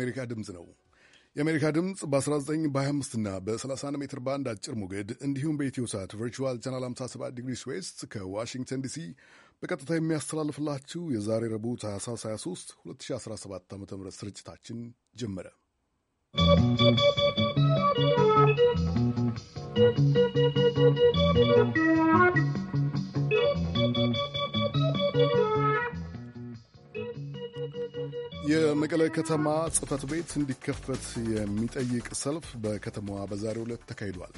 የአሜሪካ ድምፅ ነው። የአሜሪካ ድምፅ በ19 በ25 እና በ31 ሜትር ባንድ አጭር ሞገድ እንዲሁም በኢትዮ ሳት ቨርቹዋል ቻናል 57 ዲግሪ ስዌስት ከዋሽንግተን ዲሲ በቀጥታ የሚያስተላልፍላችሁ የዛሬ ረቡዕ ታህሳስ 23 2017 ዓ ም ስርጭታችን ጀመረ። ¶¶ የመቀለ ከተማ ጽህፈት ቤት እንዲከፈት የሚጠይቅ ሰልፍ በከተማዋ በዛሬው ዕለት ተካሂዷል።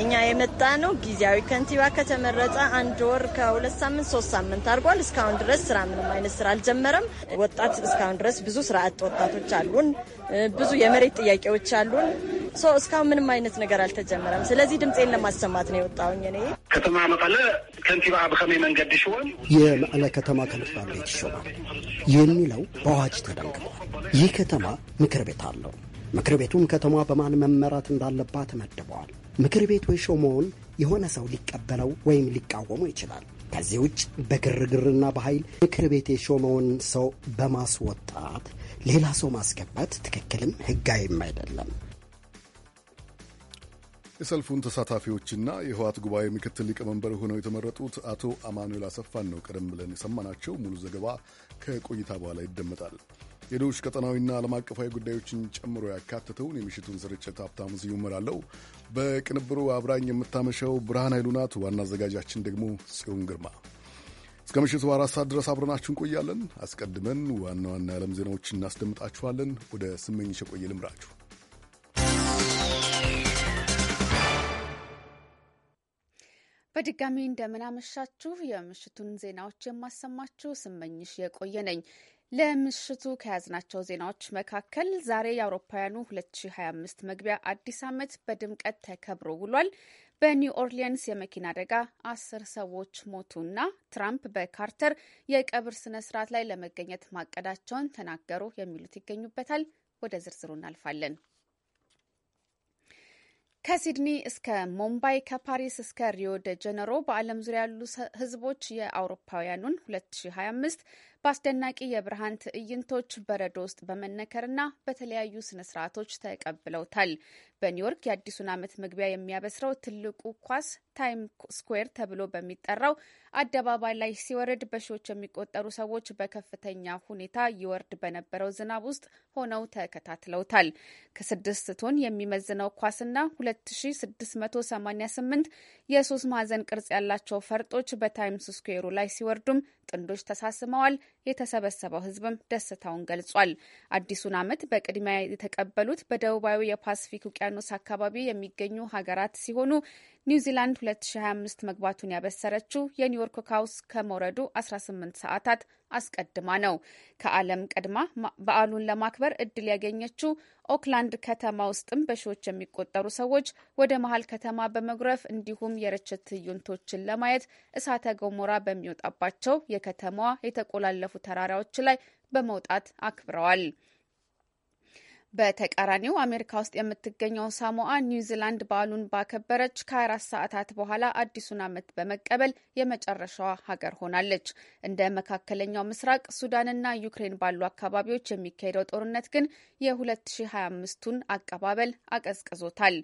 እኛ የመጣ ነው ጊዜያዊ ከንቲባ ከተመረጠ አንድ ወር ከሁለት ሳምንት ሶስት ሳምንት አድርጓል። እስካሁን ድረስ ስራ ምንም አይነት ስራ አልጀመረም። ወጣት እስካሁን ድረስ ብዙ ስራ አጥ ወጣቶች አሉን። ብዙ የመሬት ጥያቄዎች አሉን። እስካሁን ምንም አይነት ነገር አልተጀመረም። ስለዚህ ድምፄን ለማሰማት ነው የወጣውኝ እኔ ከተማ መቀለ ከንቲባ ብከመ መንገድ ሲሆን የመቀለ ከተማ ከንቲባ ቤት ይሾማል የሚለው በአዋጅ ተደንግጓል። ይህ ከተማ ምክር ቤት አለው። ምክር ቤቱም ከተማ በማን መመራት እንዳለባት መድበዋል። ምክር ወይ የሾመውን የሆነ ሰው ሊቀበለው ወይም ሊቃወሙ ይችላል። ከዚህ ውጭ በግርግርና በኃይል ምክር ቤት የሾመውን ሰው በማስወጣት ሌላ ሰው ማስገባት ትክክልም ህጋዊም አይደለም። የሰልፉን ተሳታፊዎችና የህዋት ጉባኤ ምክትል ሊቀመንበር ሆነው የተመረጡት አቶ አማኑኤል አሰፋን ነው ቀደም ብለን የሰማናቸው። ሙሉ ዘገባ ከቆይታ በኋላ ይደመጣል። የሌሎች ቀጠናዊና ዓለም አቀፋዊ ጉዳዮችን ጨምሮ ያካተተውን የምሽቱን ስርጭት ሀብታሙ ስዩም እመራለሁ። በቅንብሩ አብራኝ የምታመሸው ብርሃን ኃይሉ ናት። ዋና አዘጋጃችን ደግሞ ጽዮን ግርማ። እስከ ምሽቱ አራት ሰዓት ድረስ አብረናችሁ እንቆያለን። አስቀድመን ዋና ዋና የዓለም ዜናዎችን እናስደምጣችኋለን። ወደ ስመኝሽ የቆየ ልምራችሁ። በድጋሚ እንደምናመሻችሁ። የምሽቱን ዜናዎች የማሰማችሁ ስመኝሽ የቆየ ነኝ። ለምሽቱ ከያዝናቸው ዜናዎች መካከል ዛሬ የአውሮፓውያኑ 2025 መግቢያ አዲስ ዓመት በድምቀት ተከብሮ ውሏል። በኒው ኦርሊንስ የመኪና አደጋ አስር ሰዎች ሞቱና ትራምፕ በካርተር የቀብር ስነ ስርዓት ላይ ለመገኘት ማቀዳቸውን ተናገሩ የሚሉት ይገኙበታል። ወደ ዝርዝሩ እናልፋለን። ከሲድኒ እስከ ሞምባይ ከፓሪስ እስከ ሪዮ ደ ጀነሮ በዓለም ዙሪያ ያሉ ህዝቦች የአውሮፓውያኑን 2025 በአስደናቂ የብርሃን ትዕይንቶች በረዶ ውስጥ በመነከርና በተለያዩ ስነስርዓቶች ተቀብለውታል። በኒውዮርክ የአዲሱን ዓመት መግቢያ የሚያበስረው ትልቁ ኳስ ታይም ስኩዌር ተብሎ በሚጠራው አደባባይ ላይ ሲወርድ በሺዎች የሚቆጠሩ ሰዎች በከፍተኛ ሁኔታ ይወርድ በነበረው ዝናብ ውስጥ ሆነው ተከታትለውታል። ከስድስት ቶን የሚመዝነው ኳስና 2688 የሶስት ማዕዘን ቅርጽ ያላቸው ፈርጦች በታይምስ ስኩዌሩ ላይ ሲወርዱም ጥንዶች ተሳስመዋል። የተሰበሰበው ህዝብም ደስታውን ገልጿል። አዲሱን ዓመት በቅድሚያ የተቀበሉት በደቡባዊ የፓስፊክ ውቅያኖስ አካባቢ የሚገኙ ሀገራት ሲሆኑ ኒውዚላንድ 2025 መግባቱን ያበሰረችው የኒውዮርክ ካውስ ከመውረዱ 18 ሰዓታት አስቀድማ ነው። ከዓለም ቀድማ በዓሉን ለማክበር እድል ያገኘችው ኦክላንድ ከተማ ውስጥም በሺዎች የሚቆጠሩ ሰዎች ወደ መሀል ከተማ በመጉረፍ እንዲሁም የርችት ትዕይንቶችን ለማየት እሳተ ገሞራ በሚወጣባቸው የከተማዋ የተቆላለፉ ተራራዎች ላይ በመውጣት አክብረዋል። በተቃራኒው አሜሪካ ውስጥ የምትገኘው ሳሞአ ኒውዚላንድ በዓሉን ባከበረች ከ24 ሰዓታት በኋላ አዲሱን ዓመት በመቀበል የመጨረሻዋ ሀገር ሆናለች። እንደ መካከለኛው ምስራቅ ሱዳንና ዩክሬን ባሉ አካባቢዎች የሚካሄደው ጦርነት ግን የ2025ቱን አቀባበል አቀዝቅዞታል።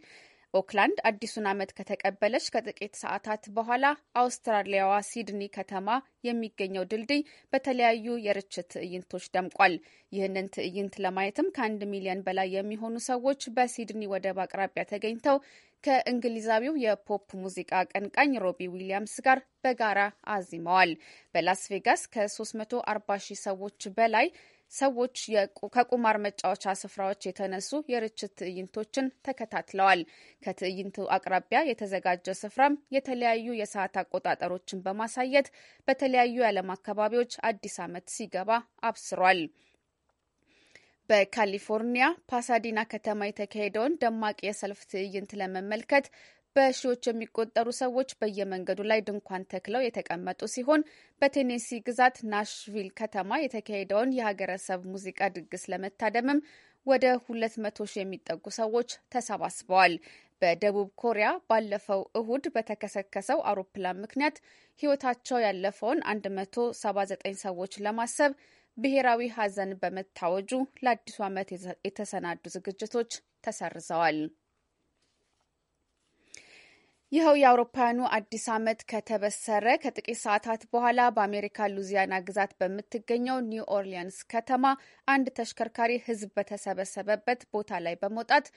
ኦክላንድ አዲሱን ዓመት ከተቀበለች ከጥቂት ሰዓታት በኋላ አውስትራሊያዋ ሲድኒ ከተማ የሚገኘው ድልድይ በተለያዩ የርችት ትዕይንቶች ደምቋል። ይህንን ትዕይንት ለማየትም ከአንድ ሚሊዮን በላይ የሚሆኑ ሰዎች በሲድኒ ወደብ አቅራቢያ ተገኝተው ከእንግሊዛዊው የፖፕ ሙዚቃ አቀንቃኝ ሮቢ ዊሊያምስ ጋር በጋራ አዚመዋል። በላስ ቬጋስ ከ340 ሺህ ሰዎች በላይ ሰዎች ከቁማር መጫወቻ ስፍራዎች የተነሱ የርችት ትዕይንቶችን ተከታትለዋል። ከትዕይንቱ አቅራቢያ የተዘጋጀ ስፍራም የተለያዩ የሰዓት አቆጣጠሮችን በማሳየት በተለያዩ የዓለም አካባቢዎች አዲስ ዓመት ሲገባ አብስሯል። በካሊፎርኒያ ፓሳዲና ከተማ የተካሄደውን ደማቅ የሰልፍ ትዕይንት ለመመልከት በሺዎች የሚቆጠሩ ሰዎች በየመንገዱ ላይ ድንኳን ተክለው የተቀመጡ ሲሆን በቴኔሲ ግዛት ናሽቪል ከተማ የተካሄደውን የሀገረሰብ ሙዚቃ ድግስ ለመታደምም ወደ ሁለት መቶ ሺህ የሚጠጉ ሰዎች ተሰባስበዋል። በደቡብ ኮሪያ ባለፈው እሁድ በተከሰከሰው አውሮፕላን ምክንያት ሕይወታቸው ያለፈውን 179 ሰዎች ለማሰብ ብሔራዊ ሐዘን በመታወጁ ለአዲሱ ዓመት የተሰናዱ ዝግጅቶች ተሰርዘዋል። ይኸው የአውሮፓውያኑ አዲስ ዓመት ከተበሰረ ከጥቂት ሰዓታት በኋላ በአሜሪካ ሉዚያና ግዛት በምትገኘው ኒው ኦርሊያንስ ከተማ አንድ ተሽከርካሪ ሕዝብ በተሰበሰበበት ቦታ ላይ በመውጣት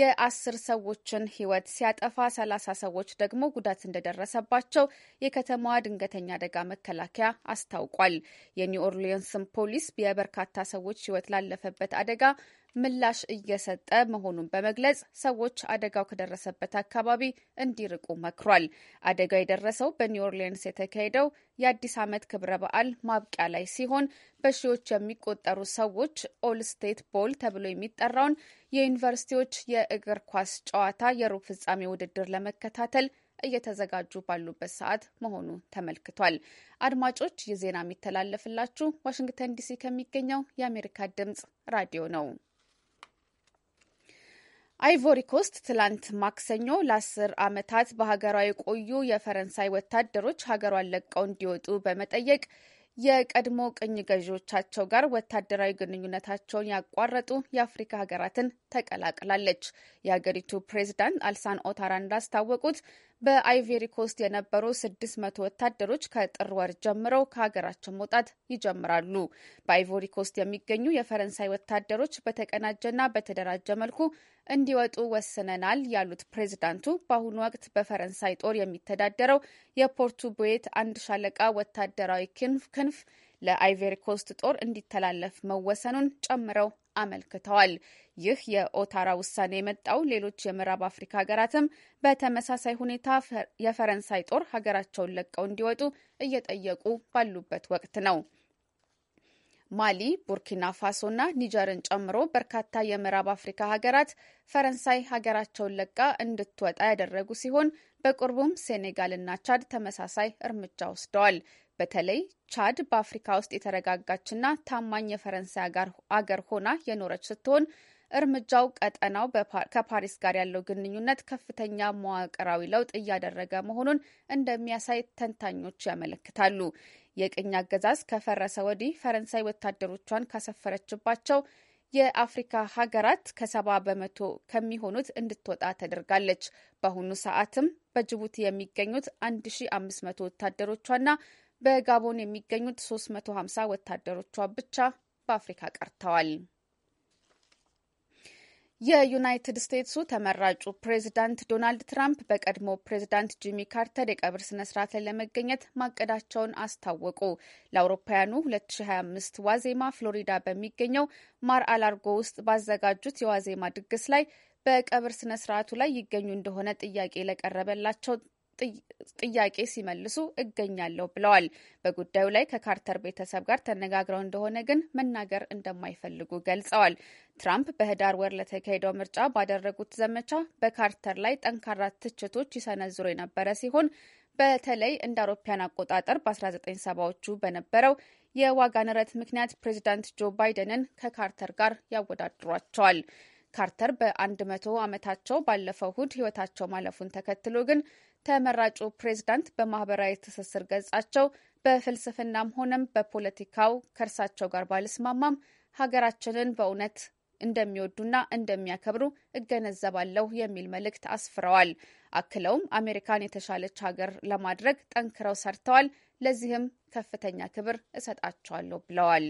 የአስር ሰዎችን ሕይወት ሲያጠፋ ሰላሳ ሰዎች ደግሞ ጉዳት እንደደረሰባቸው የከተማዋ ድንገተኛ አደጋ መከላከያ አስታውቋል። የኒው ኦርሊያንስን ፖሊስ የበርካታ ሰዎች ሕይወት ላለፈበት አደጋ ምላሽ እየሰጠ መሆኑን በመግለጽ ሰዎች አደጋው ከደረሰበት አካባቢ እንዲርቁ መክሯል። አደጋው የደረሰው በኒው ኦርሊንስ የተካሄደው የአዲስ ዓመት ክብረ በዓል ማብቂያ ላይ ሲሆን በሺዎች የሚቆጠሩ ሰዎች ኦል ስቴት ቦል ተብሎ የሚጠራውን የዩኒቨርሲቲዎች የእግር ኳስ ጨዋታ የሩብ ፍጻሜ ውድድር ለመከታተል እየተዘጋጁ ባሉበት ሰዓት መሆኑ ተመልክቷል። አድማጮች፣ ይህ ዜና የሚተላለፍላችሁ ዋሽንግተን ዲሲ ከሚገኘው የአሜሪካ ድምጽ ራዲዮ ነው። አይቮሪ ኮስት ትላንት ማክሰኞ ለአስር ዓመታት በሀገሯ የቆዩ የፈረንሳይ ወታደሮች ሀገሯን ለቀው እንዲወጡ በመጠየቅ የቀድሞ ቅኝ ገዢዎቻቸው ጋር ወታደራዊ ግንኙነታቸውን ያቋረጡ የአፍሪካ ሀገራትን ተቀላቅላለች። የሀገሪቱ ፕሬዚዳንት አልሳን ኦታራ እንዳስታወቁት በአይቬሪ ኮስት የነበሩ ስድስት መቶ ወታደሮች ከጥር ወር ጀምረው ከሀገራቸው መውጣት ይጀምራሉ። በአይቮሪ ኮስት የሚገኙ የፈረንሳይ ወታደሮች በተቀናጀና በተደራጀ መልኩ እንዲወጡ ወስነናል ያሉት ፕሬዝዳንቱ በአሁኑ ወቅት በፈረንሳይ ጦር የሚተዳደረው የፖርቱ ቡዌት አንድ ሻለቃ ወታደራዊ ክንፍ ለአይቨሪ ኮስት ጦር እንዲተላለፍ መወሰኑን ጨምረው አመልክተዋል። ይህ የኦታራ ውሳኔ የመጣው ሌሎች የምዕራብ አፍሪካ ሀገራትም በተመሳሳይ ሁኔታ የፈረንሳይ ጦር ሀገራቸውን ለቀው እንዲወጡ እየጠየቁ ባሉበት ወቅት ነው። ማሊ፣ ቡርኪና ፋሶና ኒጀርን ጨምሮ በርካታ የምዕራብ አፍሪካ ሀገራት ፈረንሳይ ሀገራቸውን ለቃ እንድትወጣ ያደረጉ ሲሆን በቅርቡም ሴኔጋልና ቻድ ተመሳሳይ እርምጃ ወስደዋል። በተለይ ቻድ በአፍሪካ ውስጥ የተረጋጋችና ታማኝ የፈረንሳይ አገር ሆና የኖረች ስትሆን እርምጃው ቀጠናው ከፓሪስ ጋር ያለው ግንኙነት ከፍተኛ መዋቅራዊ ለውጥ እያደረገ መሆኑን እንደሚያሳይ ተንታኞች ያመለክታሉ። የቅኝ አገዛዝ ከፈረሰ ወዲህ ፈረንሳይ ወታደሮቿን ካሰፈረችባቸው የአፍሪካ ሀገራት ከሰባ በመቶ ከሚሆኑት እንድትወጣ ተደርጋለች። በአሁኑ ሰዓትም በጅቡቲ የሚገኙት 1500 ወታደሮቿና በጋቦን የሚገኙት 350 ወታደሮቿ ብቻ በአፍሪካ ቀርተዋል። የዩናይትድ ስቴትሱ ተመራጩ ፕሬዚዳንት ዶናልድ ትራምፕ በቀድሞ ፕሬዚዳንት ጂሚ ካርተር የቀብር ስነ ስርዓት ላይ ለመገኘት ማቀዳቸውን አስታወቁ። ለአውሮፓውያኑ 2025 ዋዜማ ፍሎሪዳ በሚገኘው ማር አላርጎ ውስጥ ባዘጋጁት የዋዜማ ድግስ ላይ በቀብር ስነ ስርዓቱ ላይ ይገኙ እንደሆነ ጥያቄ ለቀረበላቸው ጥያቄ ሲመልሱ እገኛለሁ ብለዋል። በጉዳዩ ላይ ከካርተር ቤተሰብ ጋር ተነጋግረው እንደሆነ ግን መናገር እንደማይፈልጉ ገልጸዋል። ትራምፕ በህዳር ወር ለተካሄደው ምርጫ ባደረጉት ዘመቻ በካርተር ላይ ጠንካራ ትችቶች ይሰነዝሩ የነበረ ሲሆን በተለይ እንደ አውሮፓያን አቆጣጠር በ1970ዎቹ በነበረው የዋጋ ንረት ምክንያት ፕሬዚዳንት ጆ ባይደንን ከካርተር ጋር ያወዳድሯቸዋል። ካርተር በአንድ መቶ ዓመታቸው ባለፈው እሁድ ህይወታቸው ማለፉን ተከትሎ ግን ተመራጩ ፕሬዝዳንት በማህበራዊ ትስስር ገጻቸው በፍልስፍናም ሆነም በፖለቲካው ከእርሳቸው ጋር ባልስማማም ሀገራችንን በእውነት እንደሚወዱና እንደሚያከብሩ እገነዘባለሁ የሚል መልእክት አስፍረዋል። አክለውም አሜሪካን የተሻለች ሀገር ለማድረግ ጠንክረው ሰርተዋል፣ ለዚህም ከፍተኛ ክብር እሰጣቸዋለሁ ብለዋል።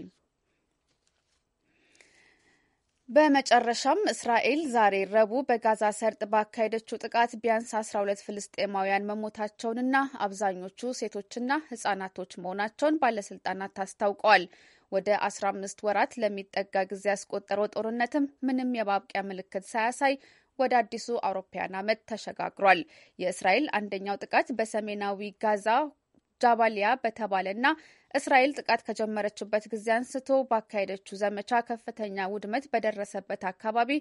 በመጨረሻም እስራኤል ዛሬ ረቡዕ በጋዛ ሰርጥ ባካሄደችው ጥቃት ቢያንስ 12 ፍልስጤማውያን መሞታቸውንና አብዛኞቹ ሴቶችና ህጻናቶች መሆናቸውን ባለስልጣናት አስታውቀዋል። ወደ 15 ወራት ለሚጠጋ ጊዜ ያስቆጠረው ጦርነትም ምንም የማብቂያ ምልክት ሳያሳይ ወደ አዲሱ አውሮፓያን ዓመት ተሸጋግሯል። የእስራኤል አንደኛው ጥቃት በሰሜናዊ ጋዛ ጃባሊያ በተባለና እስራኤል ጥቃት ከጀመረችበት ጊዜ አንስቶ ባካሄደችው ዘመቻ ከፍተኛ ውድመት በደረሰበት አካባቢ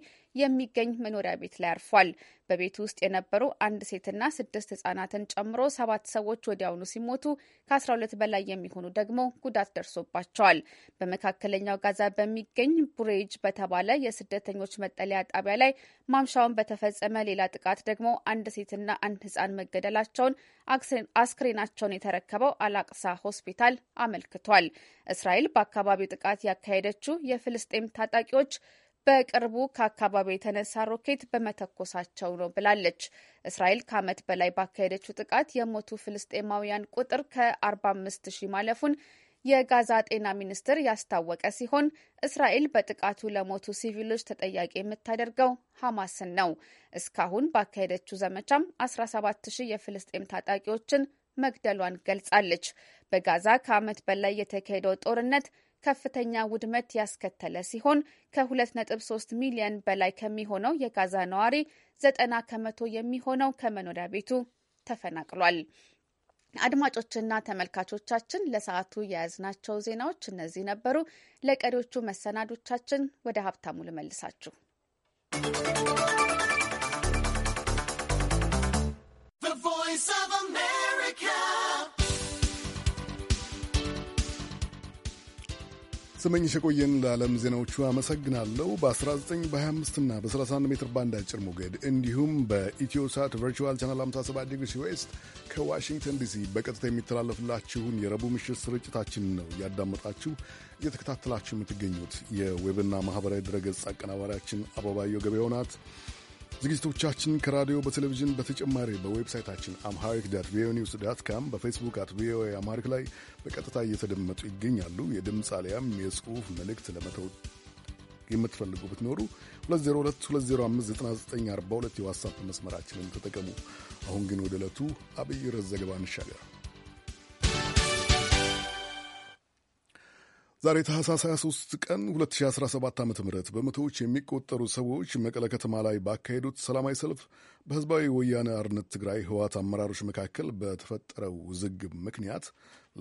የሚገኝ መኖሪያ ቤት ላይ አርፏል። በቤቱ ውስጥ የነበሩ አንድ ሴትና ስድስት ህጻናትን ጨምሮ ሰባት ሰዎች ወዲያውኑ ሲሞቱ ከ12 በላይ የሚሆኑ ደግሞ ጉዳት ደርሶባቸዋል። በመካከለኛው ጋዛ በሚገኝ ቡሬጅ በተባለ የስደተኞች መጠለያ ጣቢያ ላይ ማምሻውን በተፈጸመ ሌላ ጥቃት ደግሞ አንድ ሴትና አንድ ህጻን መገደላቸውን አስክሬናቸውን የተረከበው አላቅሳ ሆስፒታል አመልክቷል። እስራኤል በአካባቢው ጥቃት ያካሄደችው የፍልስጤም ታጣቂዎች በቅርቡ ከአካባቢው የተነሳ ሮኬት በመተኮሳቸው ነው ብላለች። እስራኤል ከዓመት በላይ ባካሄደችው ጥቃት የሞቱ ፍልስጤማውያን ቁጥር ከ45 ሺህ ማለፉን የጋዛ ጤና ሚኒስቴር ያስታወቀ ሲሆን እስራኤል በጥቃቱ ለሞቱ ሲቪሎች ተጠያቂ የምታደርገው ሐማስን ነው። እስካሁን ባካሄደችው ዘመቻም 17 ሺህ የፍልስጤም ታጣቂዎችን መግደሏን ገልጻለች። በጋዛ ከዓመት በላይ የተካሄደው ጦርነት ከፍተኛ ውድመት ያስከተለ ሲሆን ከ2.3 ሚሊዮን በላይ ከሚሆነው የጋዛ ነዋሪ 90 ከመቶ የሚሆነው ከመኖሪያ ቤቱ ተፈናቅሏል። አድማጮችና ተመልካቾቻችን ለሰዓቱ የያዝናቸው ዜናዎች እነዚህ ነበሩ። ለቀሪዎቹ መሰናዶቻችን ወደ ሀብታሙ ልመልሳችሁ። ስመኝሽ የቆየን ለዓለም ዜናዎቹ አመሰግናለሁ። በ19 በ25 እና በ31 ሜትር ባንድ አጭር ሞገድ እንዲሁም በኢትዮሳት ቨርቹዋል ቻናል 57 ዲግሪ ዌስት ከዋሽንግተን ዲሲ በቀጥታ የሚተላለፍላችሁን የረቡዕ ምሽት ስርጭታችን ነው እያዳመጣችሁ እየተከታተላችሁ የምትገኙት። የዌብና ማኅበራዊ ድረገጽ አቀናባሪያችን አበባየው ገበያው ናት። ዝግጅቶቻችን ከራዲዮ በቴሌቪዥን በተጨማሪ በዌብሳይታችን አምሃሪክ ዳት ቪኦኤ ኒውስ ዳት ካም በፌስቡክ አት ቪኦኤ አማሪክ ላይ በቀጥታ እየተደመጡ ይገኛሉ። የድምፅ አሊያም የጽሑፍ መልእክት ለመተው የምትፈልጉ ብትኖሩ 2022059942 የዋትሳፕ መስመራችንን ተጠቀሙ። አሁን ግን ወደ ዕለቱ አብይ ርዕስ ዘገባ እንሻገር። ዛሬ ታህሳስ 23 ቀን 2017 ዓ ም በመቶዎች የሚቆጠሩ ሰዎች መቀለ ከተማ ላይ ባካሄዱት ሰላማዊ ሰልፍ በህዝባዊ ወያነ አርነት ትግራይ ህዋት አመራሮች መካከል በተፈጠረው ውዝግብ ምክንያት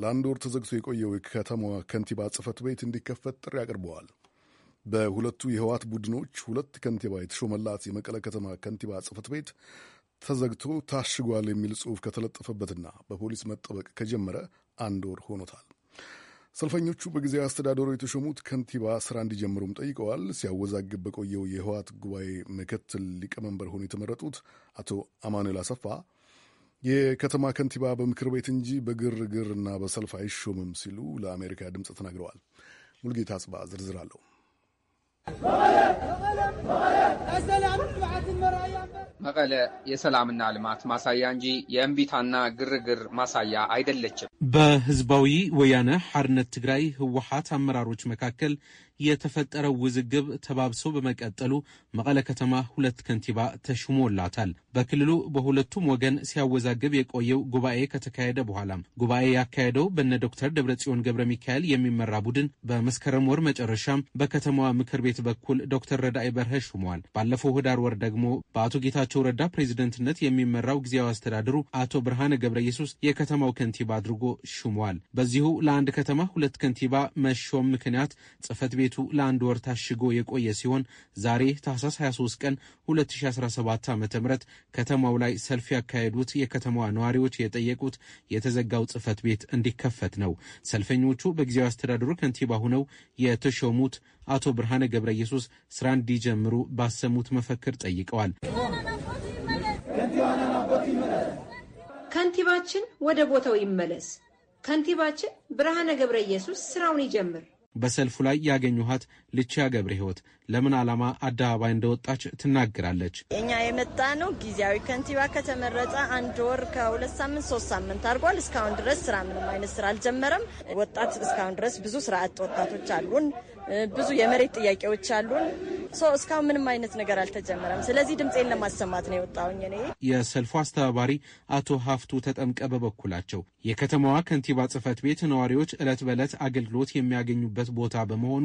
ለአንድ ወር ተዘግቶ የቆየው የከተማዋ ከንቲባ ጽህፈት ቤት እንዲከፈት ጥሪ አቅርበዋል። በሁለቱ የህዋት ቡድኖች ሁለት ከንቲባ የተሾመላት የመቀለ ከተማ ከንቲባ ጽህፈት ቤት ተዘግቶ ታሽጓል የሚል ጽሑፍ ከተለጠፈበትና በፖሊስ መጠበቅ ከጀመረ አንድ ወር ሆኖታል። ሰልፈኞቹ በጊዜያዊ አስተዳደሩ የተሾሙት ከንቲባ ስራ እንዲጀምሩም ጠይቀዋል። ሲያወዛግብ በቆየው የህወሓት ጉባኤ ምክትል ሊቀመንበር ሆኑ የተመረጡት አቶ አማኑኤል አሰፋ የከተማ ከንቲባ በምክር ቤት እንጂ በግርግርና በሰልፍ አይሾምም ሲሉ ለአሜሪካ ድምፅ ተናግረዋል። ሙልጌታ አጽባ ዝርዝር አለው። መቀለ የሰላምና ልማት ማሳያ እንጂ የእንቢታና ግርግር ማሳያ አይደለችም። በህዝባዊ ወያነ ሐርነት ትግራይ ህወሓት አመራሮች መካከል የተፈጠረው ውዝግብ ተባብሶ በመቀጠሉ መቀለ ከተማ ሁለት ከንቲባ ተሽሞላታል። በክልሉ በሁለቱም ወገን ሲያወዛግብ የቆየው ጉባኤ ከተካሄደ በኋላም ጉባኤ ያካሄደው በነ ዶክተር ደብረጽዮን ገብረ ሚካኤል የሚመራ ቡድን በመስከረም ወር መጨረሻም በከተማዋ ምክር ቤት በኩል ዶክተር ረዳይ በርሀ ሹመዋል። ባለፈው ህዳር ወር ደግሞ በአቶ ጌታቸው ረዳ ፕሬዚደንትነት የሚመራው ጊዜያዊ አስተዳደሩ አቶ ብርሃነ ገብረ ኢየሱስ የከተማው ከንቲባ አድርጎ ሹመዋል። በዚሁ ለአንድ ከተማ ሁለት ከንቲባ መሾም ምክንያት ጽህፈት ቤት ቤቱ ለአንድ ወር ታሽጎ የቆየ ሲሆን ዛሬ ታህሳስ 23 ቀን 2017 ዓ ም ከተማው ላይ ሰልፍ ያካሄዱት የከተማዋ ነዋሪዎች የጠየቁት የተዘጋው ጽህፈት ቤት እንዲከፈት ነው። ሰልፈኞቹ በጊዜያዊ አስተዳደሩ ከንቲባ ሆነው የተሾሙት አቶ ብርሃነ ገብረ ኢየሱስ ስራ እንዲጀምሩ ባሰሙት መፈክር ጠይቀዋል። ከንቲባችን ወደ ቦታው ይመለስ። ከንቲባችን ብርሃነ ገብረ ኢየሱስ ስራውን ይጀምር። በሰልፉ ላይ ያገኙሃት ልቻ ገብረ ህይወት ለምን ዓላማ አደባባይ እንደወጣች ትናገራለች። እኛ የመጣ ነው ጊዜያዊ ከንቲባ ከተመረጠ አንድ ወር ከሁለት ሳምንት ሶስት ሳምንት አድርጓል። እስካሁን ድረስ ስራ ምንም አይነት ስራ አልጀመረም። ወጣት እስካሁን ድረስ ብዙ ስራ አጥ ወጣቶች አሉን። ብዙ የመሬት ጥያቄዎች አሉን። እስካሁን ምንም አይነት ነገር አልተጀመረም። ስለዚህ ድምፄን ለማሰማት ነው የወጣውኝ። እኔ የሰልፉ አስተባባሪ አቶ ሀፍቱ ተጠምቀ በበኩላቸው የከተማዋ ከንቲባ ጽህፈት ቤት ነዋሪዎች እለት በዕለት አገልግሎት የሚያገኙበት ቦታ በመሆኑ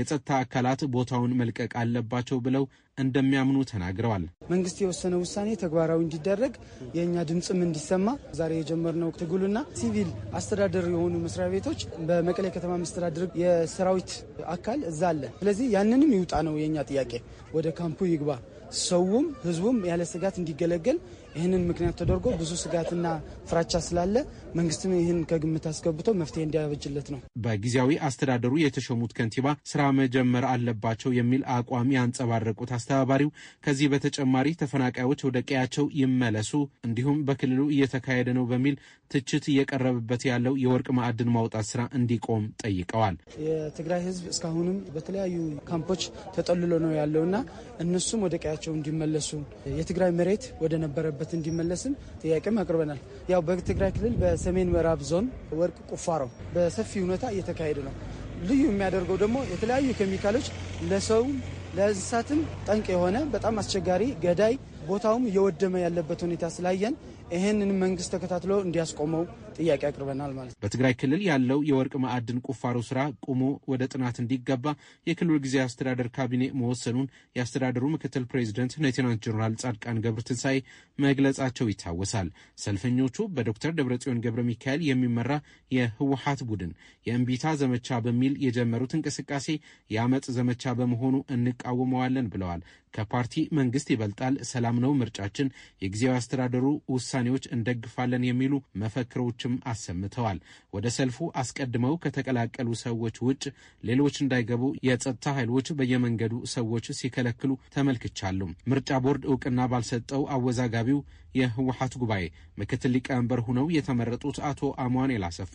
የጸጥታ አካላት ቦታውን መልቀቅ አለባቸው ብለው እንደሚያምኑ ተናግረዋል። መንግስት የወሰነ ውሳኔ ተግባራዊ እንዲደረግ የእኛ ድምፅም እንዲሰማ ዛሬ የጀመርነው ትግሉና ሲቪል አስተዳደር የሆኑ መስሪያ ቤቶች በመቀሌ ከተማ መስተዳደር የሰራዊት አካል እዛ አለ። ስለዚህ ያንንም ይውጣ ነው የእኛ ጥያቄ። ወደ ካምፑ ይግባ፣ ሰውም ህዝቡም ያለ ስጋት እንዲገለገል ይህንን ምክንያት ተደርጎ ብዙ ስጋትና ፍራቻ ስላለ መንግስትም ይህን ከግምት አስገብቶ መፍትሄ እንዲያበጅለት ነው። በጊዜያዊ አስተዳደሩ የተሾሙት ከንቲባ ስራ መጀመር አለባቸው የሚል አቋም ያንጸባረቁት አስተባባሪው ከዚህ በተጨማሪ ተፈናቃዮች ወደ ቀያቸው ይመለሱ፣ እንዲሁም በክልሉ እየተካሄደ ነው በሚል ትችት እየቀረበበት ያለው የወርቅ ማዕድን ማውጣት ስራ እንዲቆም ጠይቀዋል። የትግራይ ህዝብ እስካሁንም በተለያዩ ካምፖች ተጠልሎ ነው ያለውና እነሱም ወደ ቀያቸው እንዲመለሱ የትግራይ መሬት ወደ ነበረበት ወዳለበት እንዲመለስም ጥያቄም አቅርበናል። ያው በትግራይ ክልል በሰሜን ምዕራብ ዞን ወርቅ ቁፋሮ በሰፊ ሁኔታ እየተካሄደ ነው። ልዩ የሚያደርገው ደግሞ የተለያዩ ኬሚካሎች ለሰው ለእንስሳትም ጠንቅ የሆነ በጣም አስቸጋሪ ገዳይ ቦታውም እየወደመ ያለበት ሁኔታ ስላየን ይህንን መንግስት ተከታትሎ እንዲያስቆመው ጥያቄ አቅርበናል ማለት ነው። በትግራይ ክልል ያለው የወርቅ ማዕድን ቁፋሮ ስራ ቁሞ ወደ ጥናት እንዲገባ የክልሉ ጊዜ አስተዳደር ካቢኔ መወሰኑን የአስተዳደሩ ምክትል ፕሬዚደንት ሌተናንት ጀኔራል ጻድቃን ገብረ ትንሳኤ መግለጻቸው ይታወሳል። ሰልፈኞቹ በዶክተር ደብረጽዮን ገብረ ሚካኤል የሚመራ የህወሀት ቡድን የእምቢታ ዘመቻ በሚል የጀመሩት እንቅስቃሴ የአመፅ ዘመቻ በመሆኑ እንቃወመዋለን ብለዋል። ከፓርቲ መንግስት ይበልጣል፣ ሰላም ነው ምርጫችን፣ የጊዜያዊ አስተዳደሩ ውሳኔዎች እንደግፋለን የሚሉ መፈክሮችም ድምፅም አሰምተዋል። ወደ ሰልፉ አስቀድመው ከተቀላቀሉ ሰዎች ውጭ ሌሎች እንዳይገቡ የጸጥታ ኃይሎች በየመንገዱ ሰዎች ሲከለክሉ ተመልክቻሉ። ምርጫ ቦርድ እውቅና ባልሰጠው አወዛጋቢው የህወሓት ጉባኤ ምክትል ሊቀመንበር ሆነው የተመረጡት አቶ አሟኔል አሰፋ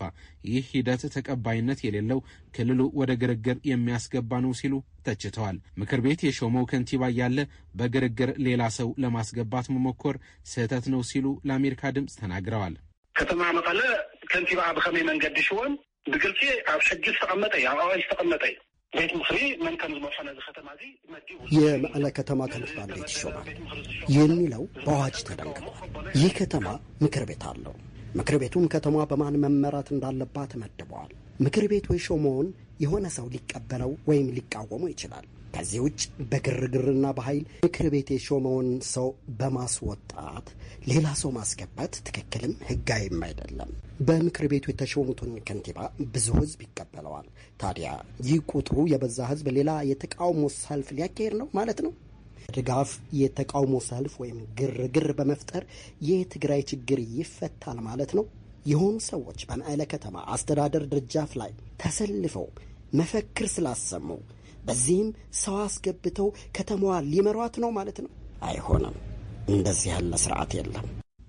ይህ ሂደት ተቀባይነት የሌለው ክልሉ ወደ ግርግር የሚያስገባ ነው ሲሉ ተችተዋል። ምክር ቤት የሾመው ከንቲባ እያለ በግርግር ሌላ ሰው ለማስገባት መሞከር ስህተት ነው ሲሉ ለአሜሪካ ድምፅ ተናግረዋል። ከተማ መቐለ ከንቲባ ብኸመይ መንገዲ ሽወን ብግልፂ ኣብ ሕጊ ዝተቐመጠ እዩ ኣብ ኣዋጅ ዝተቐመጠ እዩ ቤት ከተማ የመቐለ ከተማ ከንቲባ ቤት ይሾማል የሚለው በአዋጅ ተደንግጓል። ይህ ከተማ ምክር ቤት አለው። ምክር ቤቱም ከተማ በማን መመራት እንዳለባት መድበዋል። ምክር ቤቱ የሾመውን የሆነ ሰው ሊቀበለው ወይም ሊቃወሙ ይችላል። ከዚህ ውጭ በግርግርና በኃይል ምክር ቤት የሾመውን ሰው በማስወጣት ሌላ ሰው ማስገባት ትክክልም ህጋዊም አይደለም። በምክር ቤቱ የተሾሙትን ከንቲባ ብዙ ህዝብ ይቀበለዋል። ታዲያ ይህ ቁጥሩ የበዛ ህዝብ ሌላ የተቃውሞ ሰልፍ ሊያካሄድ ነው ማለት ነው። ድጋፍ የተቃውሞ ሰልፍ ወይም ግርግር በመፍጠር የትግራይ ችግር ይፈታል ማለት ነው። የሆኑ ሰዎች በመቀለ ከተማ አስተዳደር ደጃፍ ላይ ተሰልፈው መፈክር ስላሰሙ በዚህም ሰው አስገብተው ከተማዋ ሊመሯት ነው ማለት ነው። አይሆንም። እንደዚህ ያለ ስርዓት የለም።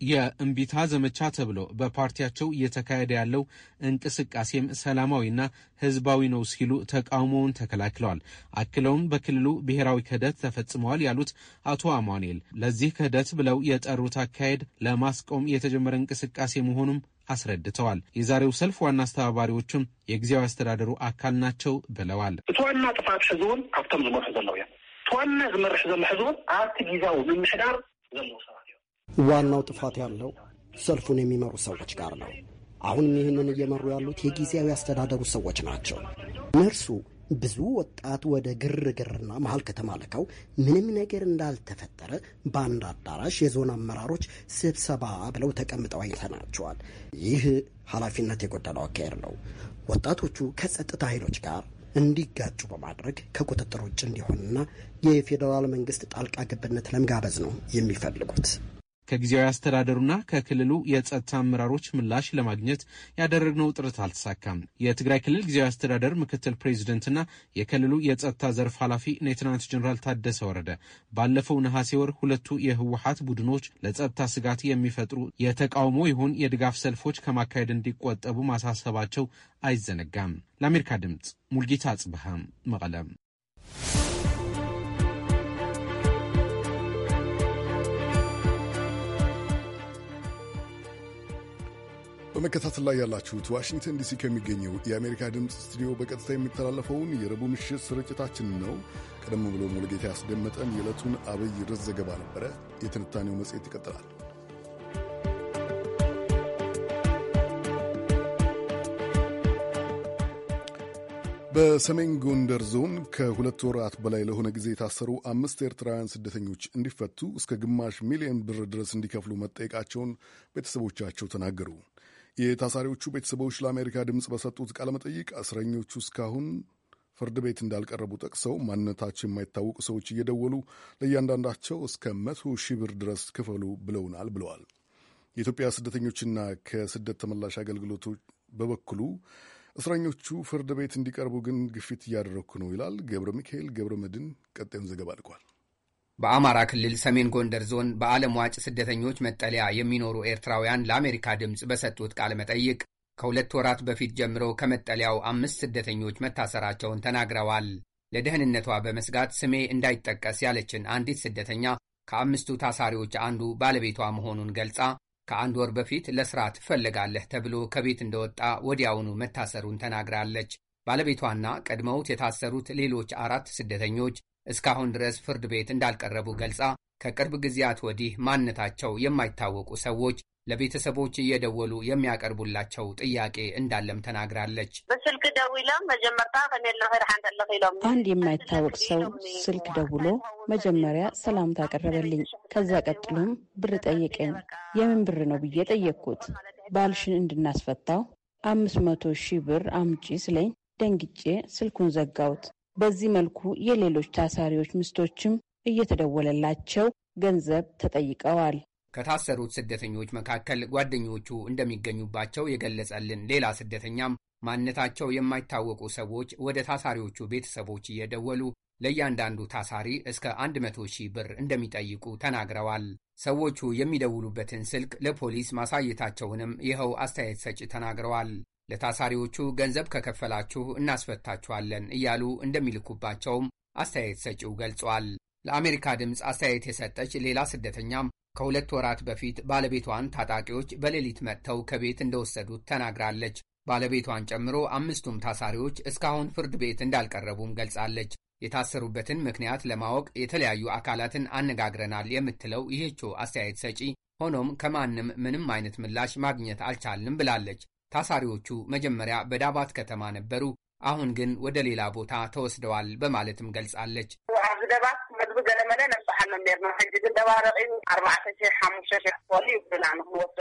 የእምቢታ ዘመቻ ተብሎ በፓርቲያቸው እየተካሄደ ያለው እንቅስቃሴም ሰላማዊና ህዝባዊ ነው ሲሉ ተቃውሞውን ተከላክለዋል። አክለውም በክልሉ ብሔራዊ ክህደት ተፈጽመዋል ያሉት አቶ አማኑኤል ለዚህ ክህደት ብለው የጠሩት አካሄድ ለማስቆም የተጀመረ እንቅስቃሴ መሆኑም አስረድተዋል። የዛሬው ሰልፍ ዋና አስተባባሪዎችም የጊዜያዊ አስተዳደሩ አካል ናቸው ብለዋል። እቲ ዋና ጥፋት ሕዝቢ ካብቶም ዝመርሑ ዘለው እዮም እቲ ዋና ዝመርሕ ዘሎ ሕዝቢ ኣብቲ ግዜያዊ ምምሕዳር ዘለው ሰባት እዮም። ዋናው ጥፋት ያለው ሰልፉን የሚመሩ ሰዎች ጋር ነው። አሁንም ይህንን እየመሩ ያሉት የጊዜያዊ አስተዳደሩ ሰዎች ናቸው። እነርሱ ብዙ ወጣት ወደ ግርግርና መሀል ከተማ ልከው ምንም ነገር እንዳልተፈጠረ በአንድ አዳራሽ የዞን አመራሮች ስብሰባ ብለው ተቀምጠው አይተናቸዋል። ይህ ኃላፊነት የጎደለው አካሄድ ነው። ወጣቶቹ ከጸጥታ ኃይሎች ጋር እንዲጋጩ በማድረግ ከቁጥጥር ውጭ እንዲሆንና የፌዴራል መንግስት ጣልቃ ገብነት ለመጋበዝ ነው የሚፈልጉት። ከጊዜያዊ አስተዳደሩና ከክልሉ የጸጥታ አመራሮች ምላሽ ለማግኘት ያደረግነው ጥረት አልተሳካም። የትግራይ ክልል ጊዜያዊ አስተዳደር ምክትል ፕሬዚደንትና የክልሉ የጸጥታ ዘርፍ ኃላፊ ሌትናንት ጀኔራል ታደሰ ወረደ ባለፈው ነሐሴ ወር ሁለቱ የህወሀት ቡድኖች ለጸጥታ ስጋት የሚፈጥሩ የተቃውሞ ይሁን የድጋፍ ሰልፎች ከማካሄድ እንዲቆጠቡ ማሳሰባቸው አይዘነጋም። ለአሜሪካ ድምፅ ሙልጌታ አጽብሃም መቀለም በመከታተል ላይ ያላችሁት ዋሽንግተን ዲሲ ከሚገኘው የአሜሪካ ድምፅ ስቱዲዮ በቀጥታ የሚተላለፈውን የረቡዕ ምሽት ስርጭታችን ነው። ቀደም ብሎ ሙሉጌታ ያስደመጠን የዕለቱን አብይ ርዕስ ዘገባ ነበረ። የትንታኔው መጽሔት ይቀጥላል። በሰሜን ጎንደር ዞን ከሁለት ወራት በላይ ለሆነ ጊዜ የታሰሩ አምስት ኤርትራውያን ስደተኞች እንዲፈቱ እስከ ግማሽ ሚሊዮን ብር ድረስ እንዲከፍሉ መጠየቃቸውን ቤተሰቦቻቸው ተናገሩ። የታሳሪዎቹ ቤተሰቦች ለአሜሪካ ድምፅ በሰጡት ቃለ መጠይቅ እስረኞቹ እስካሁን ፍርድ ቤት እንዳልቀረቡ ጠቅሰው ማንነታቸው የማይታወቁ ሰዎች እየደወሉ ለእያንዳንዳቸው እስከ መቶ ሺህ ብር ድረስ ክፈሉ ብለውናል ብለዋል። የኢትዮጵያ ስደተኞችና ከስደት ተመላሽ አገልግሎቶች በበኩሉ እስረኞቹ ፍርድ ቤት እንዲቀርቡ ግን ግፊት እያደረግኩ ነው ይላል። ገብረ ሚካኤል ገብረ መድን ቀጣዩን ዘገባ ልኳል። በአማራ ክልል ሰሜን ጎንደር ዞን በዓለም ዋጭ ስደተኞች መጠለያ የሚኖሩ ኤርትራውያን ለአሜሪካ ድምፅ በሰጡት ቃለ መጠይቅ ከሁለት ወራት በፊት ጀምሮ ከመጠለያው አምስት ስደተኞች መታሰራቸውን ተናግረዋል። ለደህንነቷ በመስጋት ስሜ እንዳይጠቀስ ያለችን አንዲት ስደተኛ ከአምስቱ ታሳሪዎች አንዱ ባለቤቷ መሆኑን ገልጻ ከአንድ ወር በፊት ለሥራ ትፈለጋለህ ተብሎ ከቤት እንደወጣ ወዲያውኑ መታሰሩን ተናግራለች። ባለቤቷና ቀድመውት የታሰሩት ሌሎች አራት ስደተኞች እስካሁን ድረስ ፍርድ ቤት እንዳልቀረቡ ገልጻ ከቅርብ ጊዜያት ወዲህ ማንነታቸው የማይታወቁ ሰዎች ለቤተሰቦች እየደወሉ የሚያቀርቡላቸው ጥያቄ እንዳለም ተናግራለች። በስልክ ደዊሎም መጀመርታ አንድ የማይታወቅ ሰው ስልክ ደውሎ መጀመሪያ ሰላምታ አቀረበልኝ። ከዛ ቀጥሎም ብር ጠየቀኝ። የምን ብር ነው ብዬ ጠየቅኩት። ባልሽን እንድናስፈታው አምስት መቶ ሺህ ብር አምጪ ስለኝ ደንግጬ ስልኩን ዘጋውት። በዚህ መልኩ የሌሎች ታሳሪዎች ሚስቶችም እየተደወለላቸው ገንዘብ ተጠይቀዋል። ከታሰሩት ስደተኞች መካከል ጓደኞቹ እንደሚገኙባቸው የገለጸልን ሌላ ስደተኛም ማንነታቸው የማይታወቁ ሰዎች ወደ ታሳሪዎቹ ቤተሰቦች እየደወሉ ለእያንዳንዱ ታሳሪ እስከ 100 ሺህ ብር እንደሚጠይቁ ተናግረዋል። ሰዎቹ የሚደውሉበትን ስልክ ለፖሊስ ማሳየታቸውንም ይኸው አስተያየት ሰጪ ተናግረዋል። ለታሳሪዎቹ ገንዘብ ከከፈላችሁ እናስፈታችኋለን እያሉ እንደሚልኩባቸውም አስተያየት ሰጪው ገልጿል። ለአሜሪካ ድምፅ አስተያየት የሰጠች ሌላ ስደተኛም ከሁለት ወራት በፊት ባለቤቷን ታጣቂዎች በሌሊት መጥተው ከቤት እንደወሰዱት ተናግራለች። ባለቤቷን ጨምሮ አምስቱም ታሳሪዎች እስካሁን ፍርድ ቤት እንዳልቀረቡም ገልጻለች። የታሰሩበትን ምክንያት ለማወቅ የተለያዩ አካላትን አነጋግረናል የምትለው ይህችው አስተያየት ሰጪ ሆኖም ከማንም ምንም አይነት ምላሽ ማግኘት አልቻልንም ብላለች። ታሳሪዎቹ መጀመሪያ በዳባት ከተማ ነበሩ፣ አሁን ግን ወደ ሌላ ቦታ ተወስደዋል በማለትም ገልጻለች።